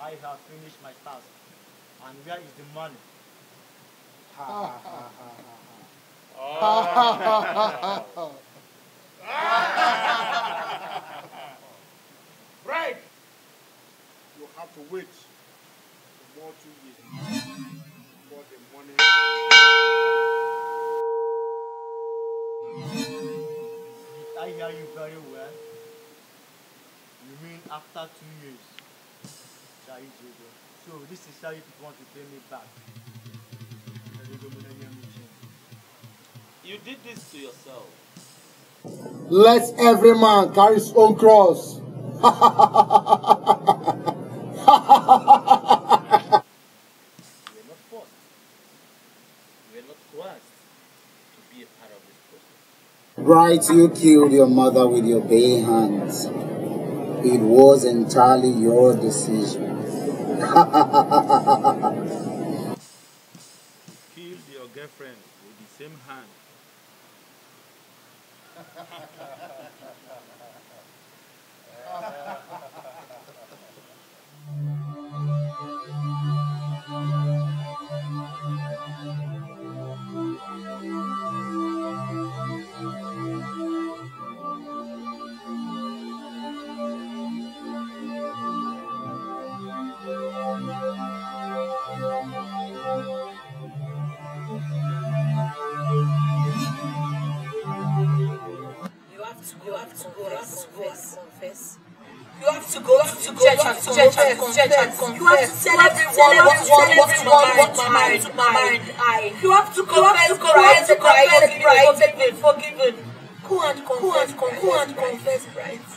I have finished my task. And where is the money? Ha ha ha ha ha. Ha ha ha ha ha. Right! You have to wait for more two years. I hear you very well. You mean after two years? That is over. So this is how you want to pay me back. You did this to yourself. Let every man carry his own cross. Right, you killed your mother with your bare hands. It was entirely your decision. Killed your girlfriend with the same hand. confess. You have to tell everyone, everyone, everyone what married, married I. You have to confess, Christ, Christ, Christ, forgiven, forgiven. and confess, go and confess, Christ.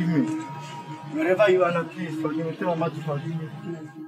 forgive me. Wherever you are not, please forgive me. Tell Mama to forgive me. Please.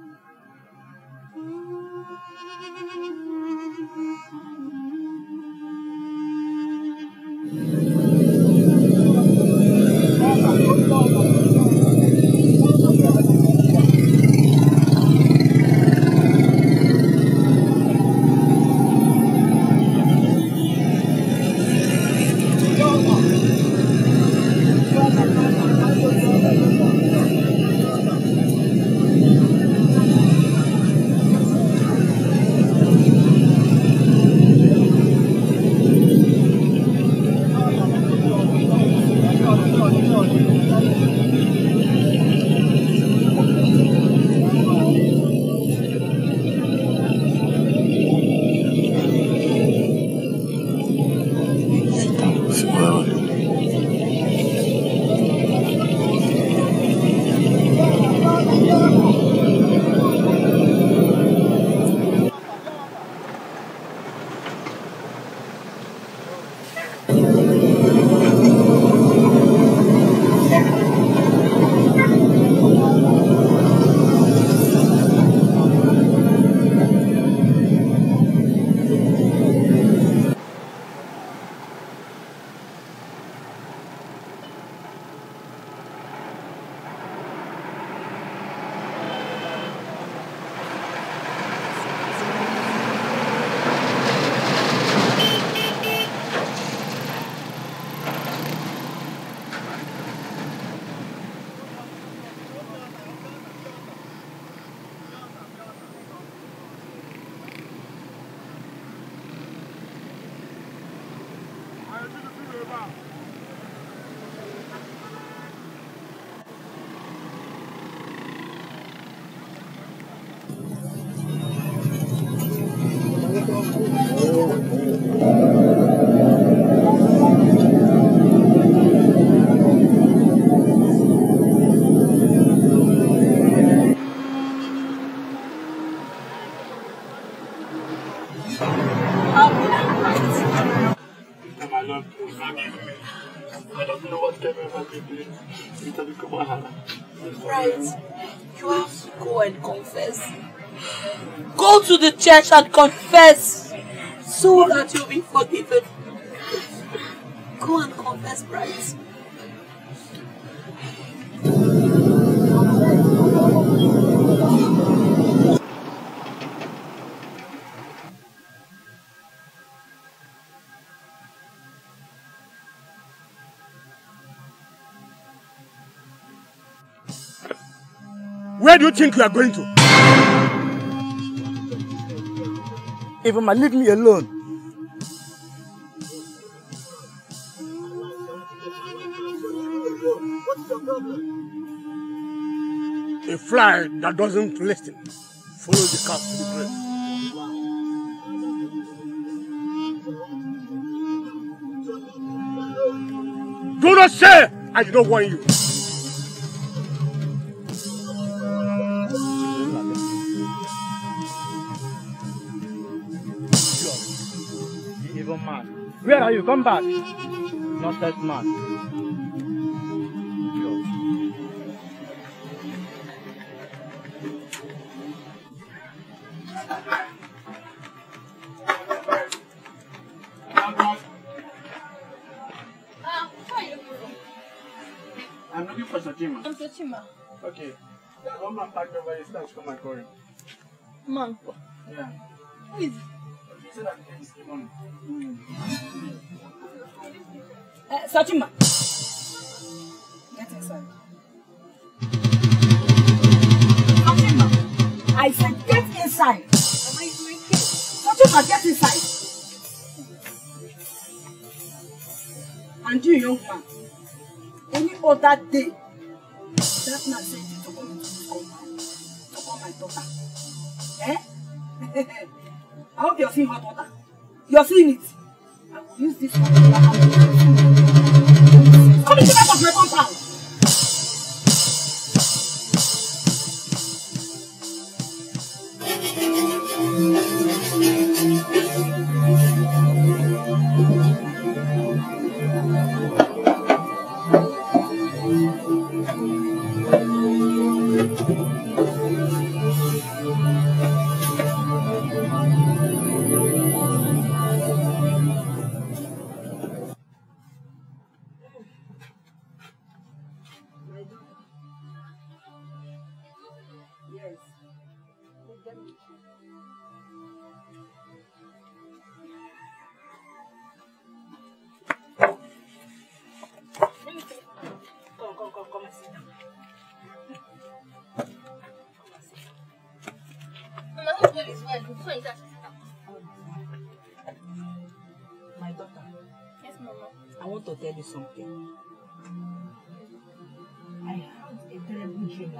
church and confess so that you'll be forgiven. Go and confess, Bryce. Where do you think you are going to? If Mama leave me alone. A fly that doesn't listen follows the cat to the grave. Do not say I do not want you. go mad. Where are you? Come back. Not that mad. I'm looking for Sajima. I'm Sajima. Okay. That woman packed over his stuff. Come and call him. Man. Yeah. Who is Uh, Satima. Get inside. Satima. I said get inside. Am I doing Satima, get inside. And you, young man, any other day, that man said you to come to my daughter. Eh? I hope you're seeing hot water. You're seeing it. I will use this one. Come and take out my compound.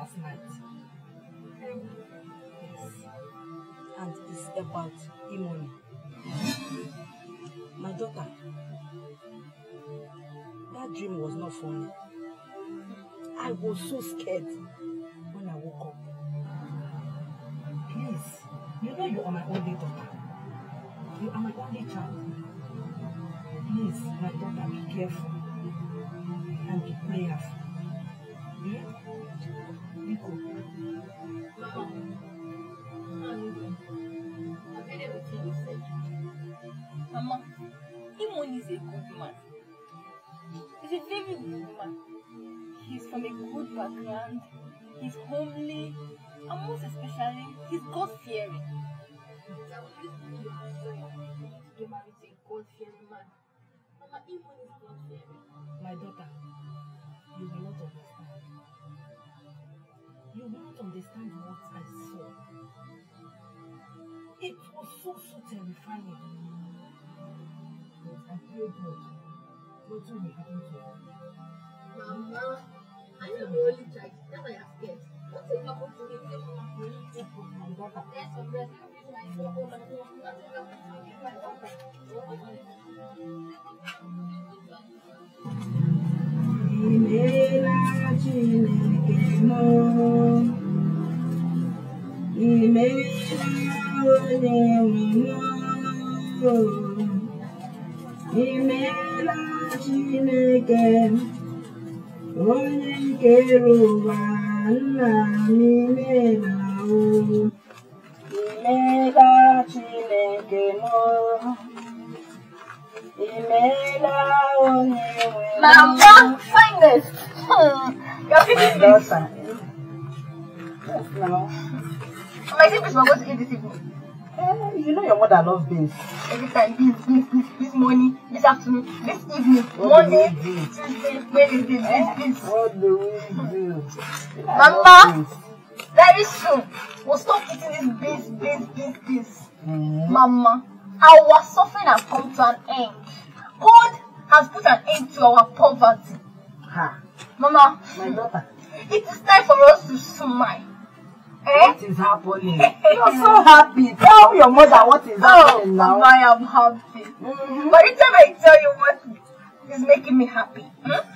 last night. Yes. And it's about e-money. My daughter, that dream was not funny. I was so scared when I woke up. Please, you know you are my only daughter. You are my only child. Please, my daughter, be careful and be prayerful. Yeah? biko mama Imon is a good man he's a very good man he's from a good background he's homely and most especially he's god-fearing terrifying. But I what will happen to her? Mama, I the only child. That's why I am scared. What will happen to me? Yes, imeela chineke onye nke rụwa nna n'ime na ahụ imeela chineke n'ụrụ imeela onye nwe na mba you know your mother loves beans. Every time, beans, beans, beans, this morning, this afternoon, this evening, what Monday, Tuesday, Wednesday, eh, beans, beans. What do we do? Mama, very soon, we'll stop eating this beans, beans, beans, beans. Mm. Mama, our suffering has come to an end. God has put an end to our poverty. Ha. Mama, my daughter, it is time for us to smile. Eh? What is happening? You're so happy. Tell your mother what is oh, happening now. I am happy. Mm-hmm. But each time I tell you what is making me happy, hmm?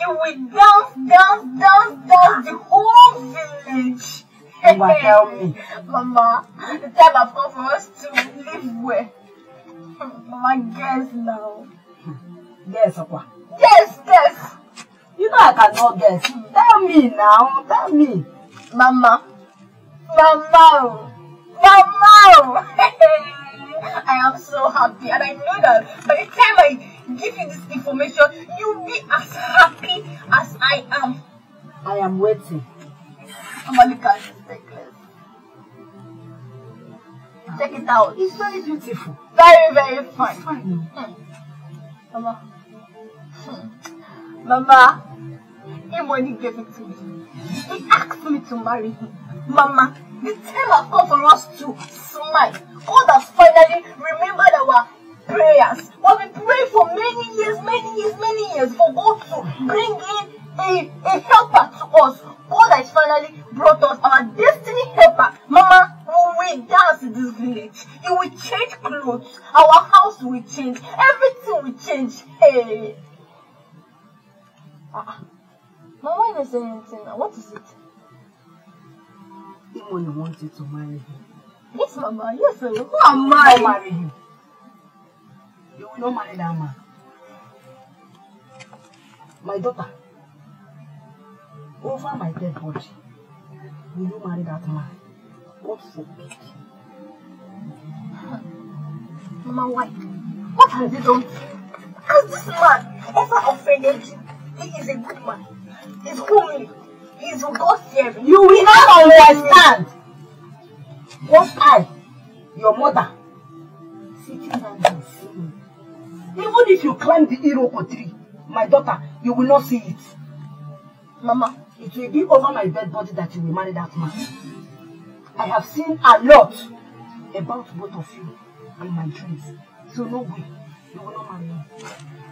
you will dance, dance, dance, dance the whole village. Mama, tell me. Mama, the time I've come for us to live where? Mama, guess now. Yes, Papa. Yes, guess. You know I cannot guess. Hmm. Tell me now. Tell me. Mama, Mamau! Mamau! I am so happy and I know that by the time I give you this information, you'll be as happy as I am. I am waiting. Malika is necklace. Check it out. It's very beautiful. Very, very fine. It's fine. Hmm. Mama. Mm. Mama, Imoni gave it to me. He asked me to marry him. Mama, the time has come for us to smile. God has finally remembered our prayers. We've been praying for many years, many years, many years for God to bring in a, a helper to us. God has finally brought us our destiny helper. Mama, we dance in this village. You will change clothes. Our house will change. Everything will change. Hey. Uh-uh. Ah. Mama, is anything now. What is it? People you wanted to marry him. Yes, Mama. Yes, I will. Who am I? Don't marry him. You will not marry that man. My daughter, over my dead body, will you marry that man? God forbid. Mama, why? What has he done? Has this man ever offended you? He is a good man. He's homely is gossip. You will not understand. What time, your mother sitting down and Even if you climb the Iroko tree, my daughter, you will not see it. Mama, it will be over my dead body that you will marry that man. I have seen a lot about both of you and my dreams. So no way, you will not marry me.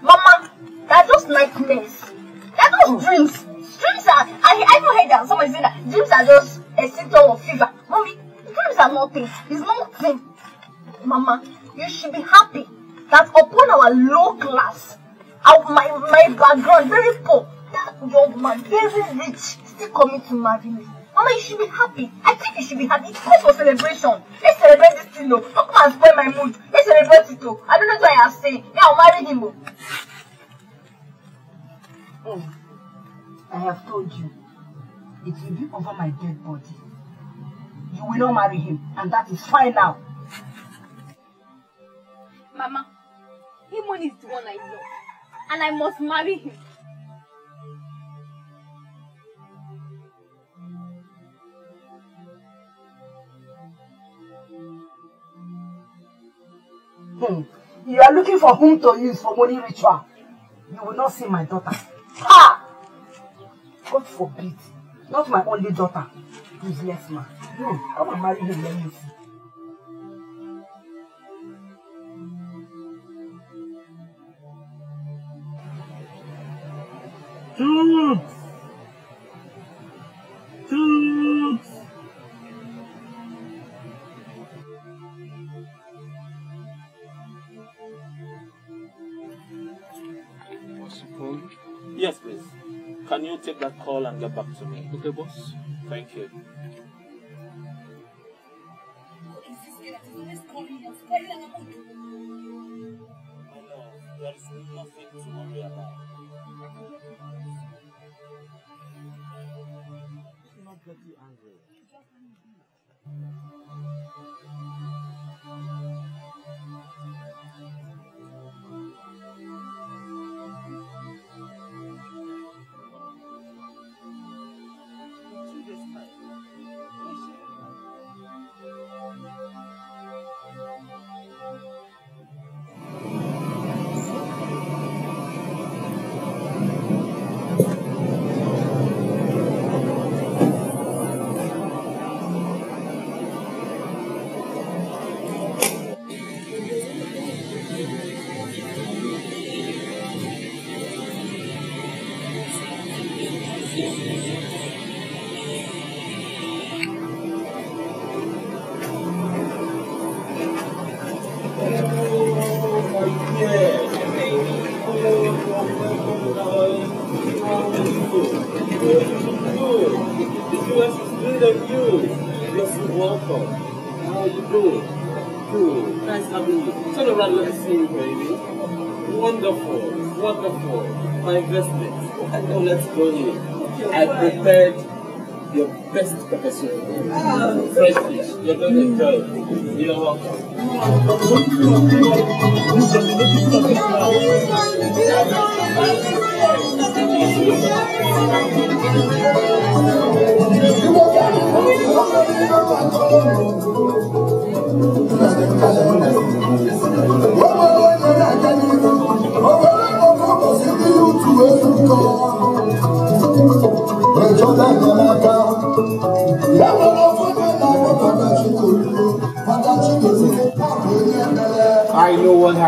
Mama, that just nightmares. That just oh. dreams. Dreams are, I, I even heard that somebody saying that dreams are just a symptom of fever. Mommy, dreams are nothing. It's nothing. Mama, you should be happy that upon our low class, our, my, my background, very poor, that young man, very rich, still coming to marry me. Mama, you should be happy. I think you should be happy. It's cause for celebration. Let's celebrate this thing, though. Don't come and spoil my mood. Let's celebrate it, though. I don't know what I have said. Yeah, I'll marry him, though. Mm. I have told you, it will be over my dead body. You will not marry him, and that is fine now. Mama, Imon is the one I love, and I must marry him. Hmm. You are looking for whom to use for money ritual. You will not see my daughter. Ah! God forbid, not my only daughter, useless man. Hmm, come and marry him, let me see. Tubes. Tubes. Yes, please. Can you take that call and get back to me? Okay, boss. Thank you. there is nothing to worry about. Do not get you angry.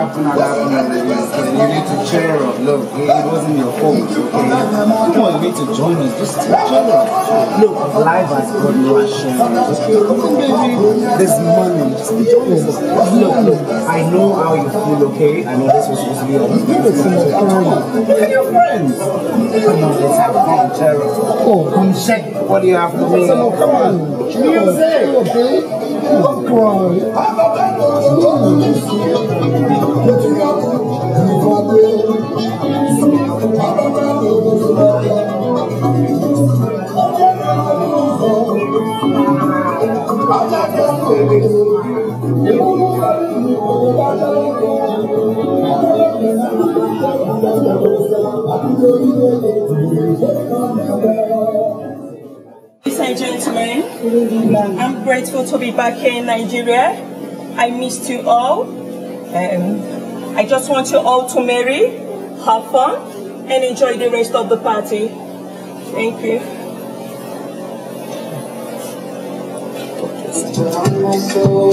happened and and you need to cheer up. Look, it, wasn't your fault, okay? Come on, you need to join us. Just cheer up. Look, life has got no shame. Come This morning, just us. Look, look, I know how you feel, okay? I know this was supposed to be your friend. Look at your friends. Come on, let's have a game, cheer up. Oh, come check what do you have for me. Come on. You know what I'm I'm Ladies and gentlemen, I'm grateful to be back here in Nigeria. I missed you all. Um, I just want you all to marry, have fun, and enjoy the rest of the party. Thank you. I'm so,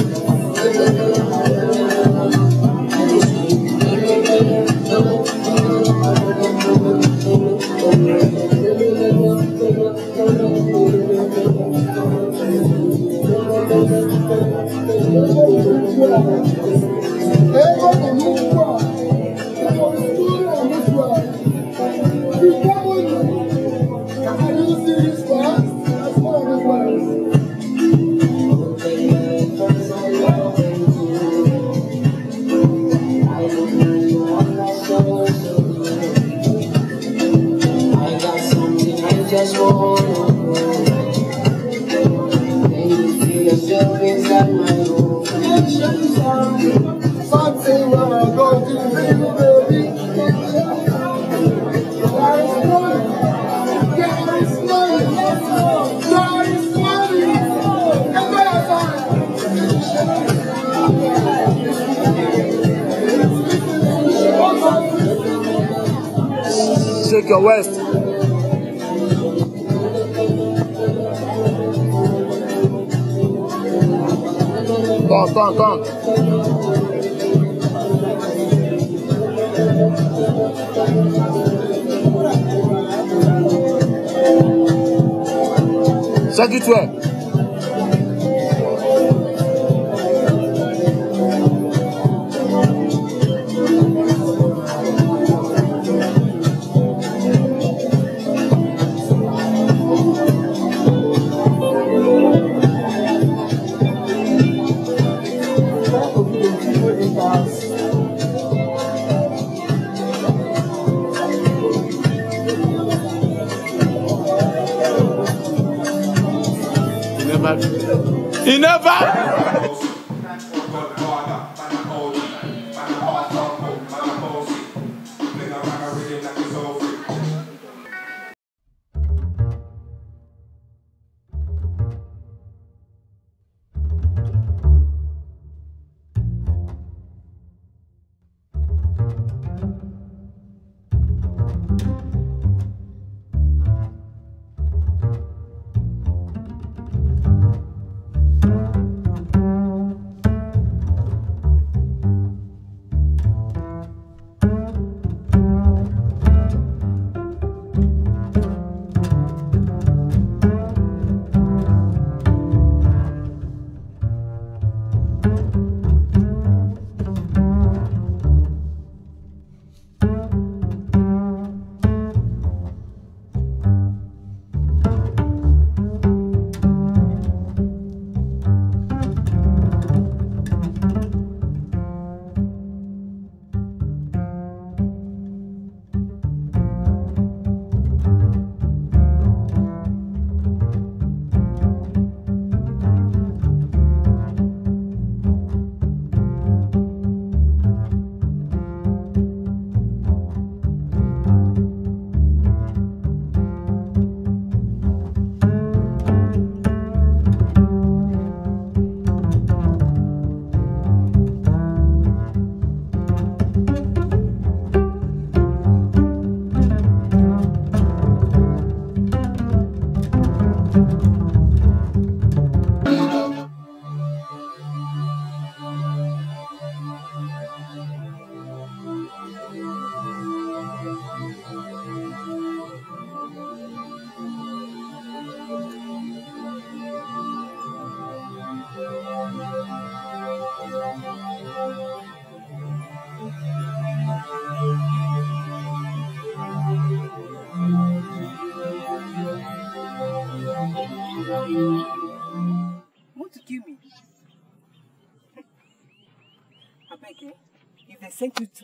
sent you to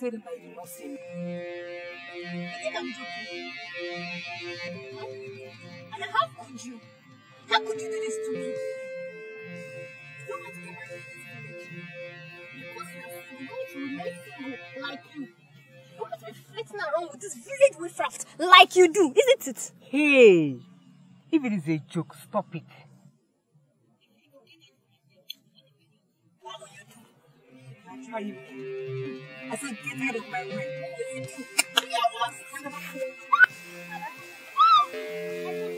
Tell not see me. You think I'm joking? And how could you? How could you do this to me? Because you are not single like you. What is must around with this village witchcraft like you do, isn't it? Hey! If it is a joke, stop it. try him again. I said, get out of my way. What will you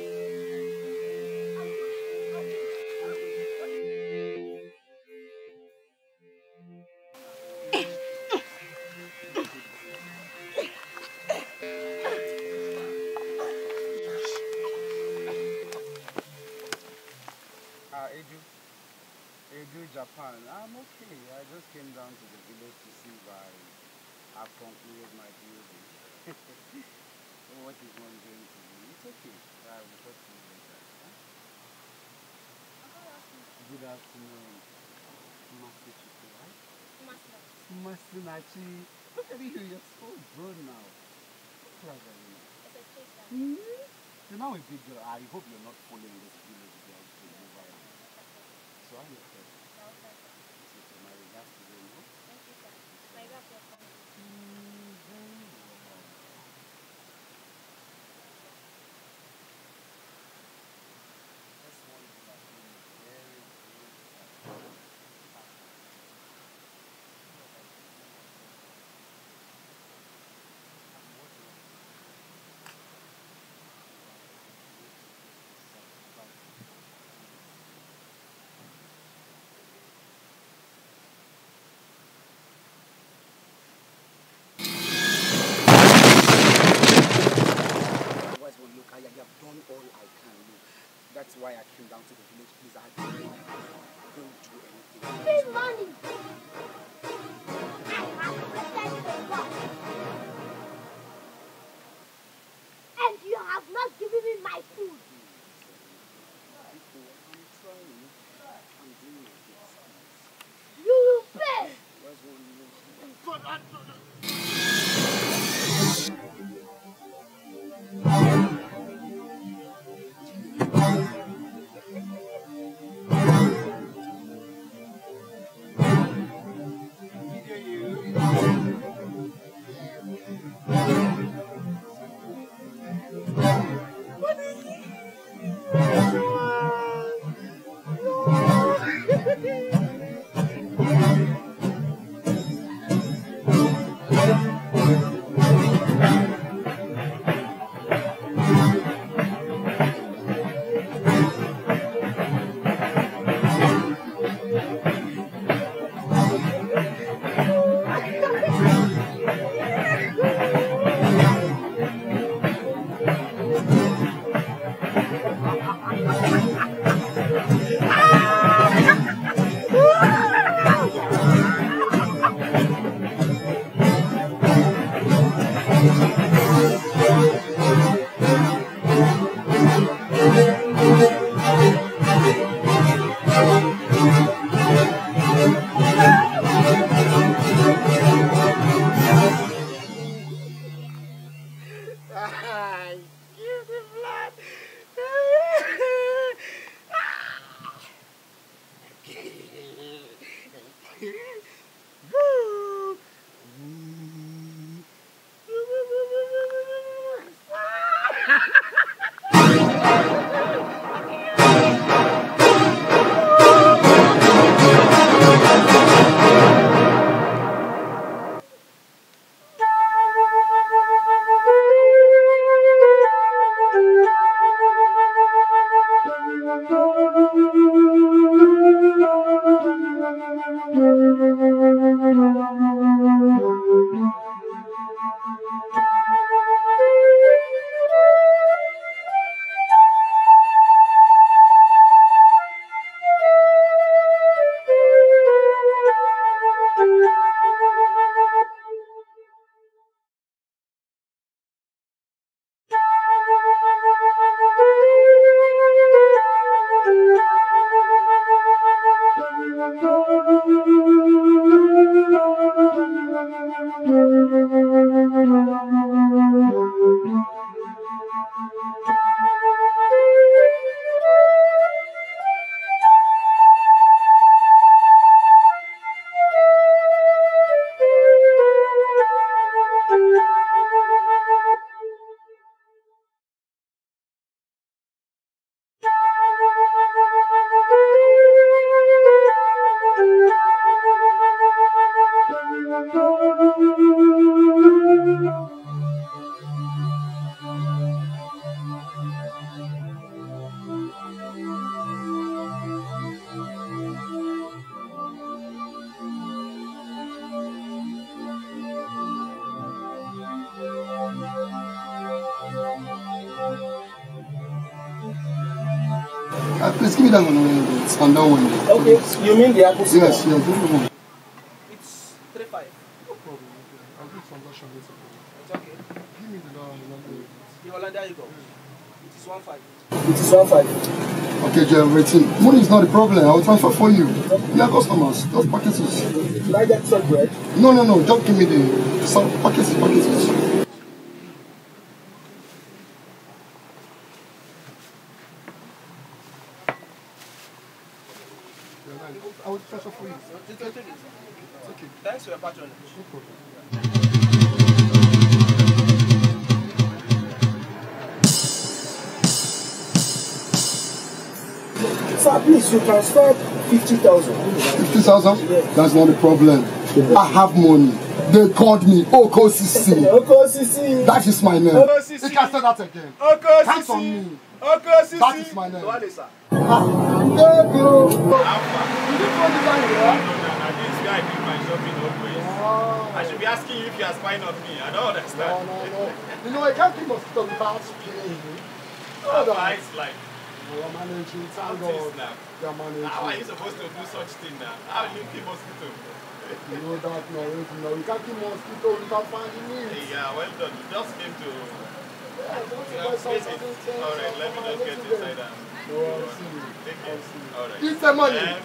do Japan? I'm okay. I just came down to the village to see if I have concluded my building. what is one going to do? It's okay. I will talk to you later. Good afternoon. Masunachi, right? Masunachi. Look at you, you're so grown now. Look you. now we big I hope you're not pulling this village girl to move around. So I'm okay. You mean the apple store? Yes, yes. It's 3 5. No problem. I'll do transaction later. It's okay. Give me the number. The Hollandia you go. It is 1 5. It is 1 5. Okay, Jerry, waiting. Money is not the problem. I will transfer for you. We are customers. Those packages. Can I get some bread? No, no, no. Just give me the some packages, packages. Once you transfer 50,000. 50,000? Yes. That's not a problem. I have money. They called me Okosisi. Okosisi. That is my name. Okosisi. You can say that again. Okosisi. That's on me. Okosisi. That is my name. What is that? Ah, thank you. No, no, no. This guy did my job in oh. I should be asking you if you are spying on me. I don't understand. No, no, no. you know, I can't think of something about playing. Hold on. It's like. Oh, I'm managing. Thank now their management. How are you supposed to do such thing now? How do you kill mosquito? you know that narrative now. We can't kill mosquito, we can't find the means. Yeah, well done. You just came to... Yeah, just to Alright, let me just get inside and... No, I'll see you. Take it. I'll see you. Alright. Eat the money. Yeah.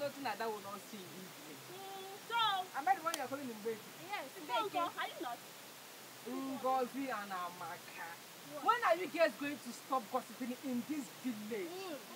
nothing that that will not see in mm, So. Am I the one You are calling in baby? Yes, in No, are you not? Ngozi and Amaka. What? When are you guys going to stop gossiping in this village? Mm.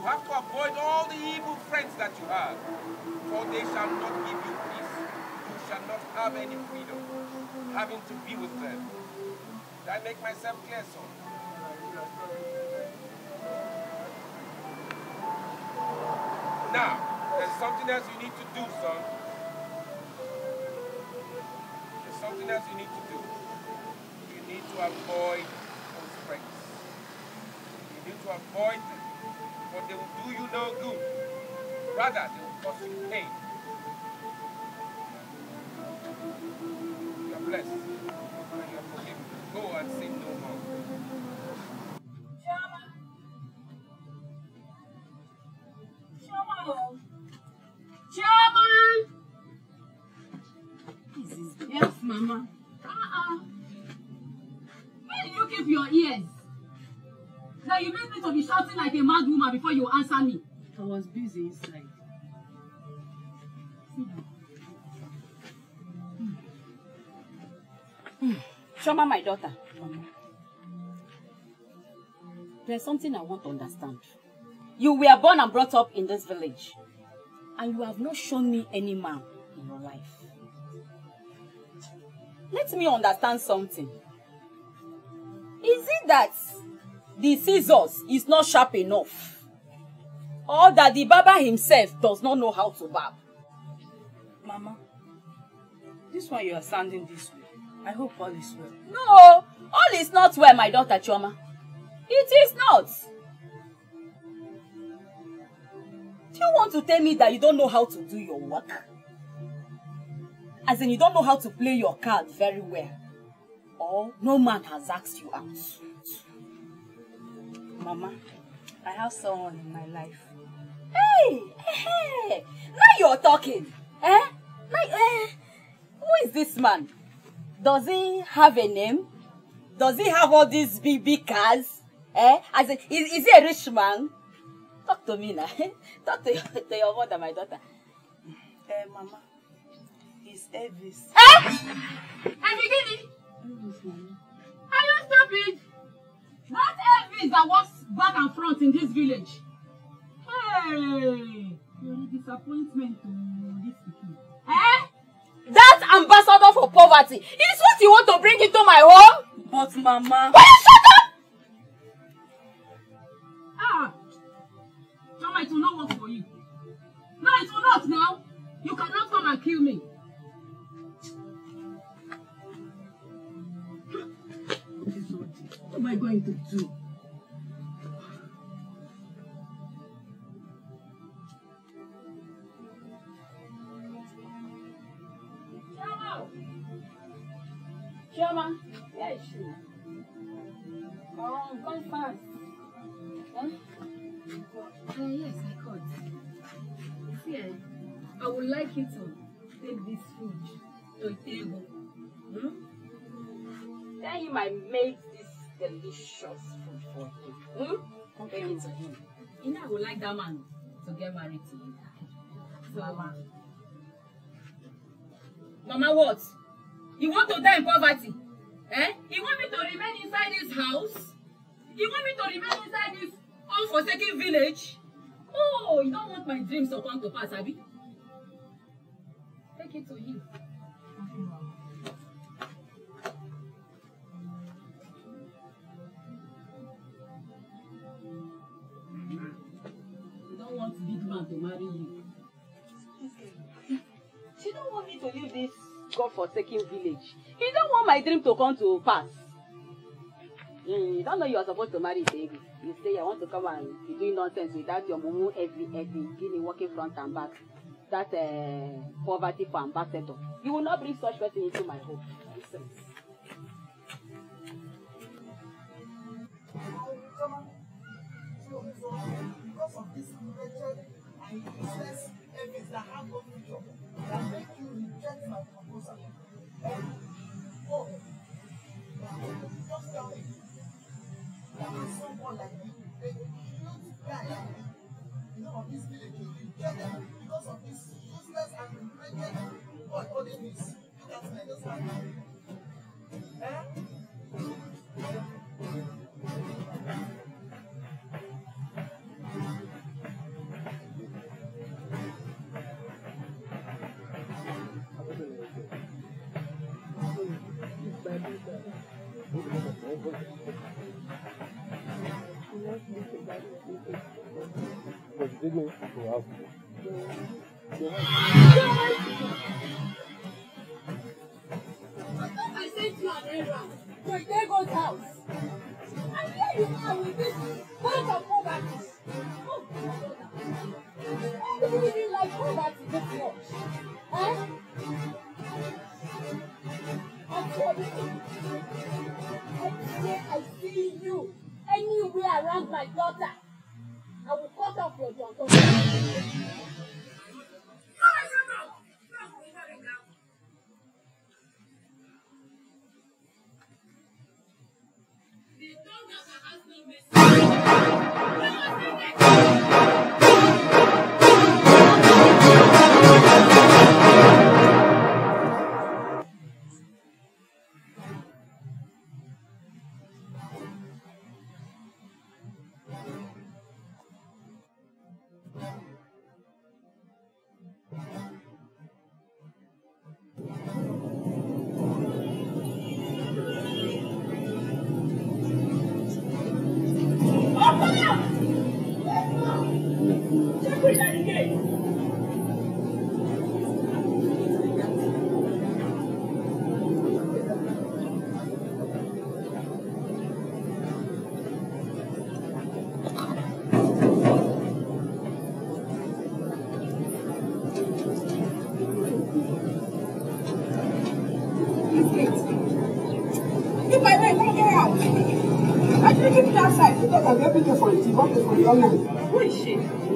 You have to avoid all the evil friends that you have, for they shall not give you peace. You shall not have any freedom, having to be with them. Did I make myself clear, son? Now, there's something else you need to do, son. There's something else you need to do. You need to avoid those friends. You need to avoid them they will do you no good. Rather, they will cause you pain. You are blessed and you are forgiven. Go and sin no more. shouting like a mad woman before you answer me. I was busy inside. Shoma, my daughter. There's something I want to understand. You were born and brought up in this village. And you have not shown me any man in your life. Let me understand something. Is it that the scissors is not sharp enough or that the barber himself does not know how to barb. Mama, this one you are standing this way. I hope all is well. No, all is not well, my daughter Choma. It is not. Do you want to tell me that you don't know how to do your work? As in, you don't know how to play your card very well. Or no man has asked you out. Mama, I have someone in my life. Hey, hey, eh, eh, hey! now you're talking. Eh? Now, eh? Who is this man? Does he have a name? Does he have all these big, big cars? Eh? As a, is, is he a rich man? Talk to me now. Talk to your, to your mother, my daughter. Eh, Mama, he's Elvis. Eh? Hey! Are you stupid? That Elvis that walks back and front in this village. Hey, you're a disappointment to this people. Eh? That ambassador for poverty is what you want to bring into my home? But mama. Will you shut up? Ah, Mama, it will not work for you. No, it will not now. You cannot come and kill me. am I going to do? Chioma, where is she? Oh, come fast. Eh? Uh, yes, I caught. You see, I, I would like you to take this food to a table. Hmm? Tell you my maid delicious food for you. Hmm? Compare it to him. You know, I would like that man to get married to you. Mama. Mama, what? You want to die in poverty? Eh? You want me to remain inside this house? You want me to remain inside this unforsaken village? Oh, you don't want my dreams to come to pass, Abby? Take it to him. Mm -hmm. marry you. She don't want me to leave this God-forsaken village. He don't want my dream to come to pass. Mm, you don't know you are supposed to marry baby. You say you want to come and be doing nonsense without your mumu every every guinea walking front and back. That uh, poverty for ambassador. You will not bring such person into my home. Because of this wretched Useless. you possess evidence that have no future that make you reject my proposal. Oh, just tell me, there is someone like you, a cute guy like you, you know, of this village, you reject me because of this useless and regretted boy, all they miss. You can't understand that. Eh? But you didn't to ask me. you to Idego's house. And here you are with this bag of poverty. Oh, do you even like poverty this much? Eh? I'm coming you. Everywhere I see you, anywhere around my daughter, I will cut off your daughter. Thank you.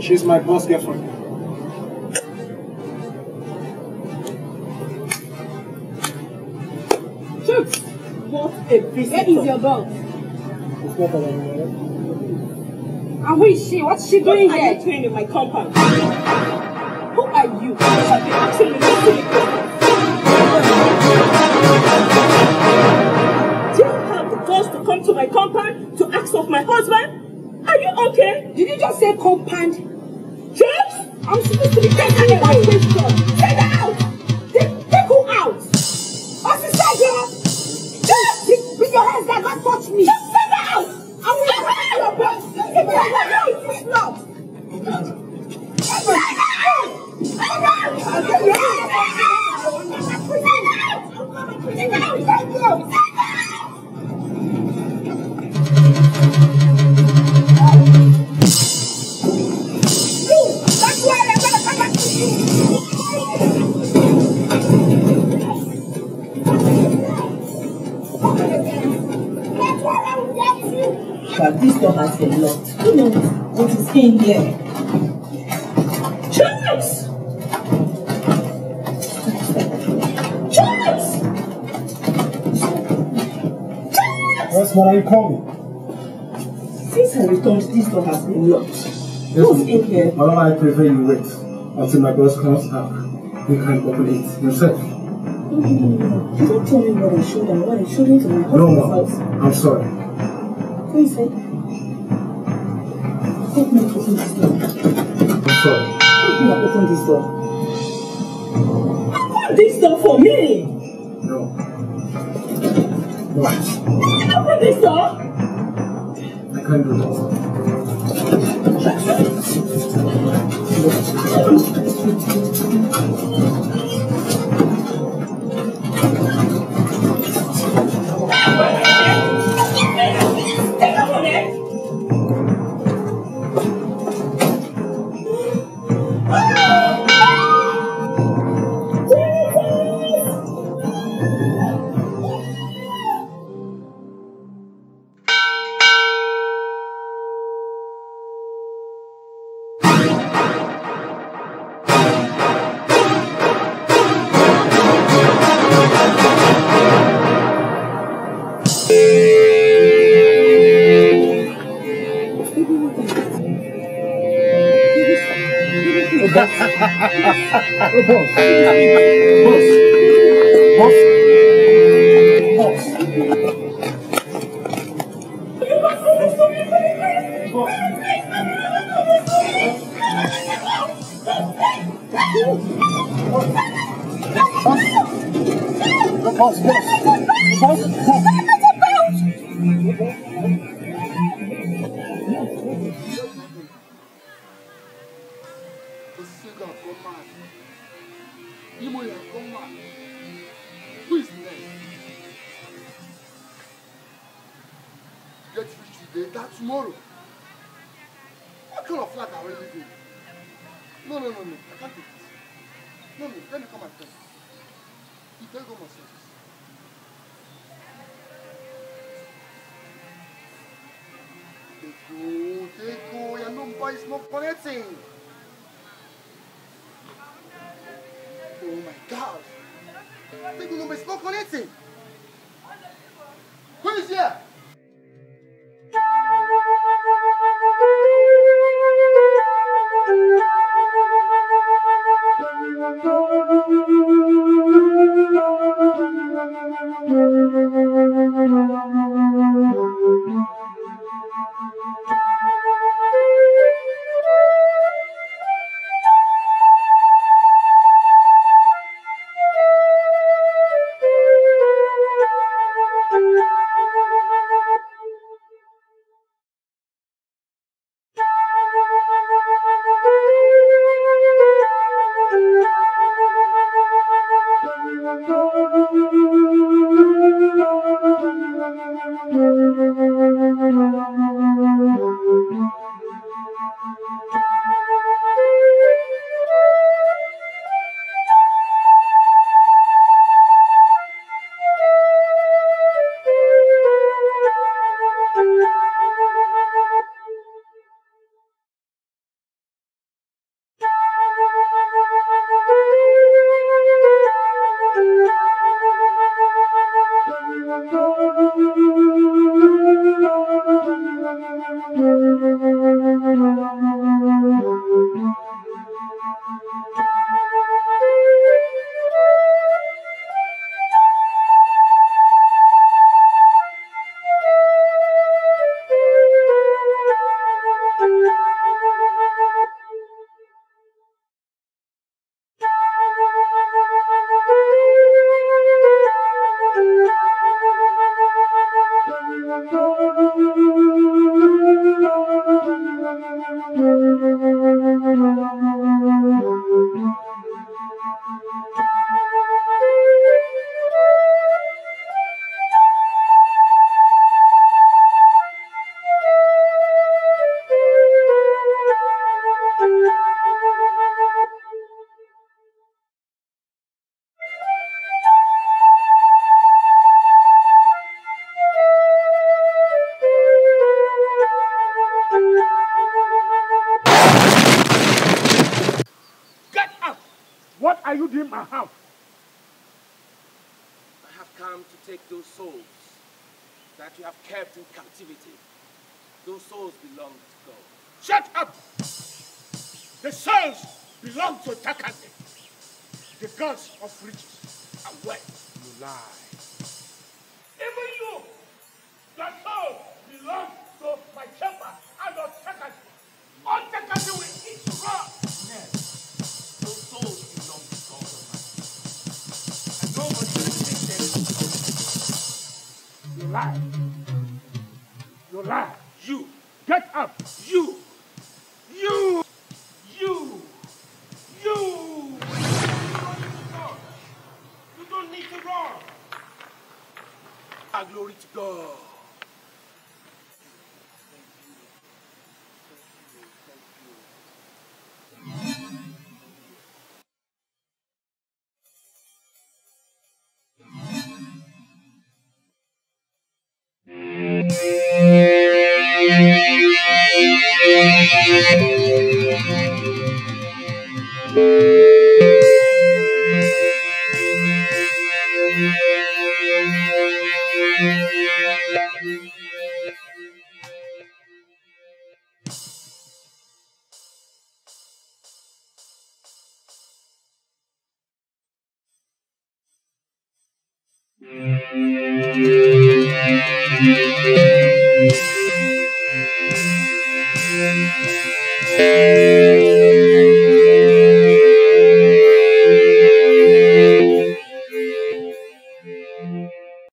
She's my boss girlfriend. Shoot! What a piece Where is your boss? It's not And who is she? What's she doing what here? I'm are in my compound? coming. Since I returned, this door has been locked. Yes, Who's in here? Madam, I prefer you wait until my boss comes back. You can open it yourself. Mm -hmm. You don't tell me what I should and what I shouldn't to my husband's no, house. I'm sorry. Please, sir. Help me open this door. I'm sorry. Help me open this door. Open this door for me! Thank you.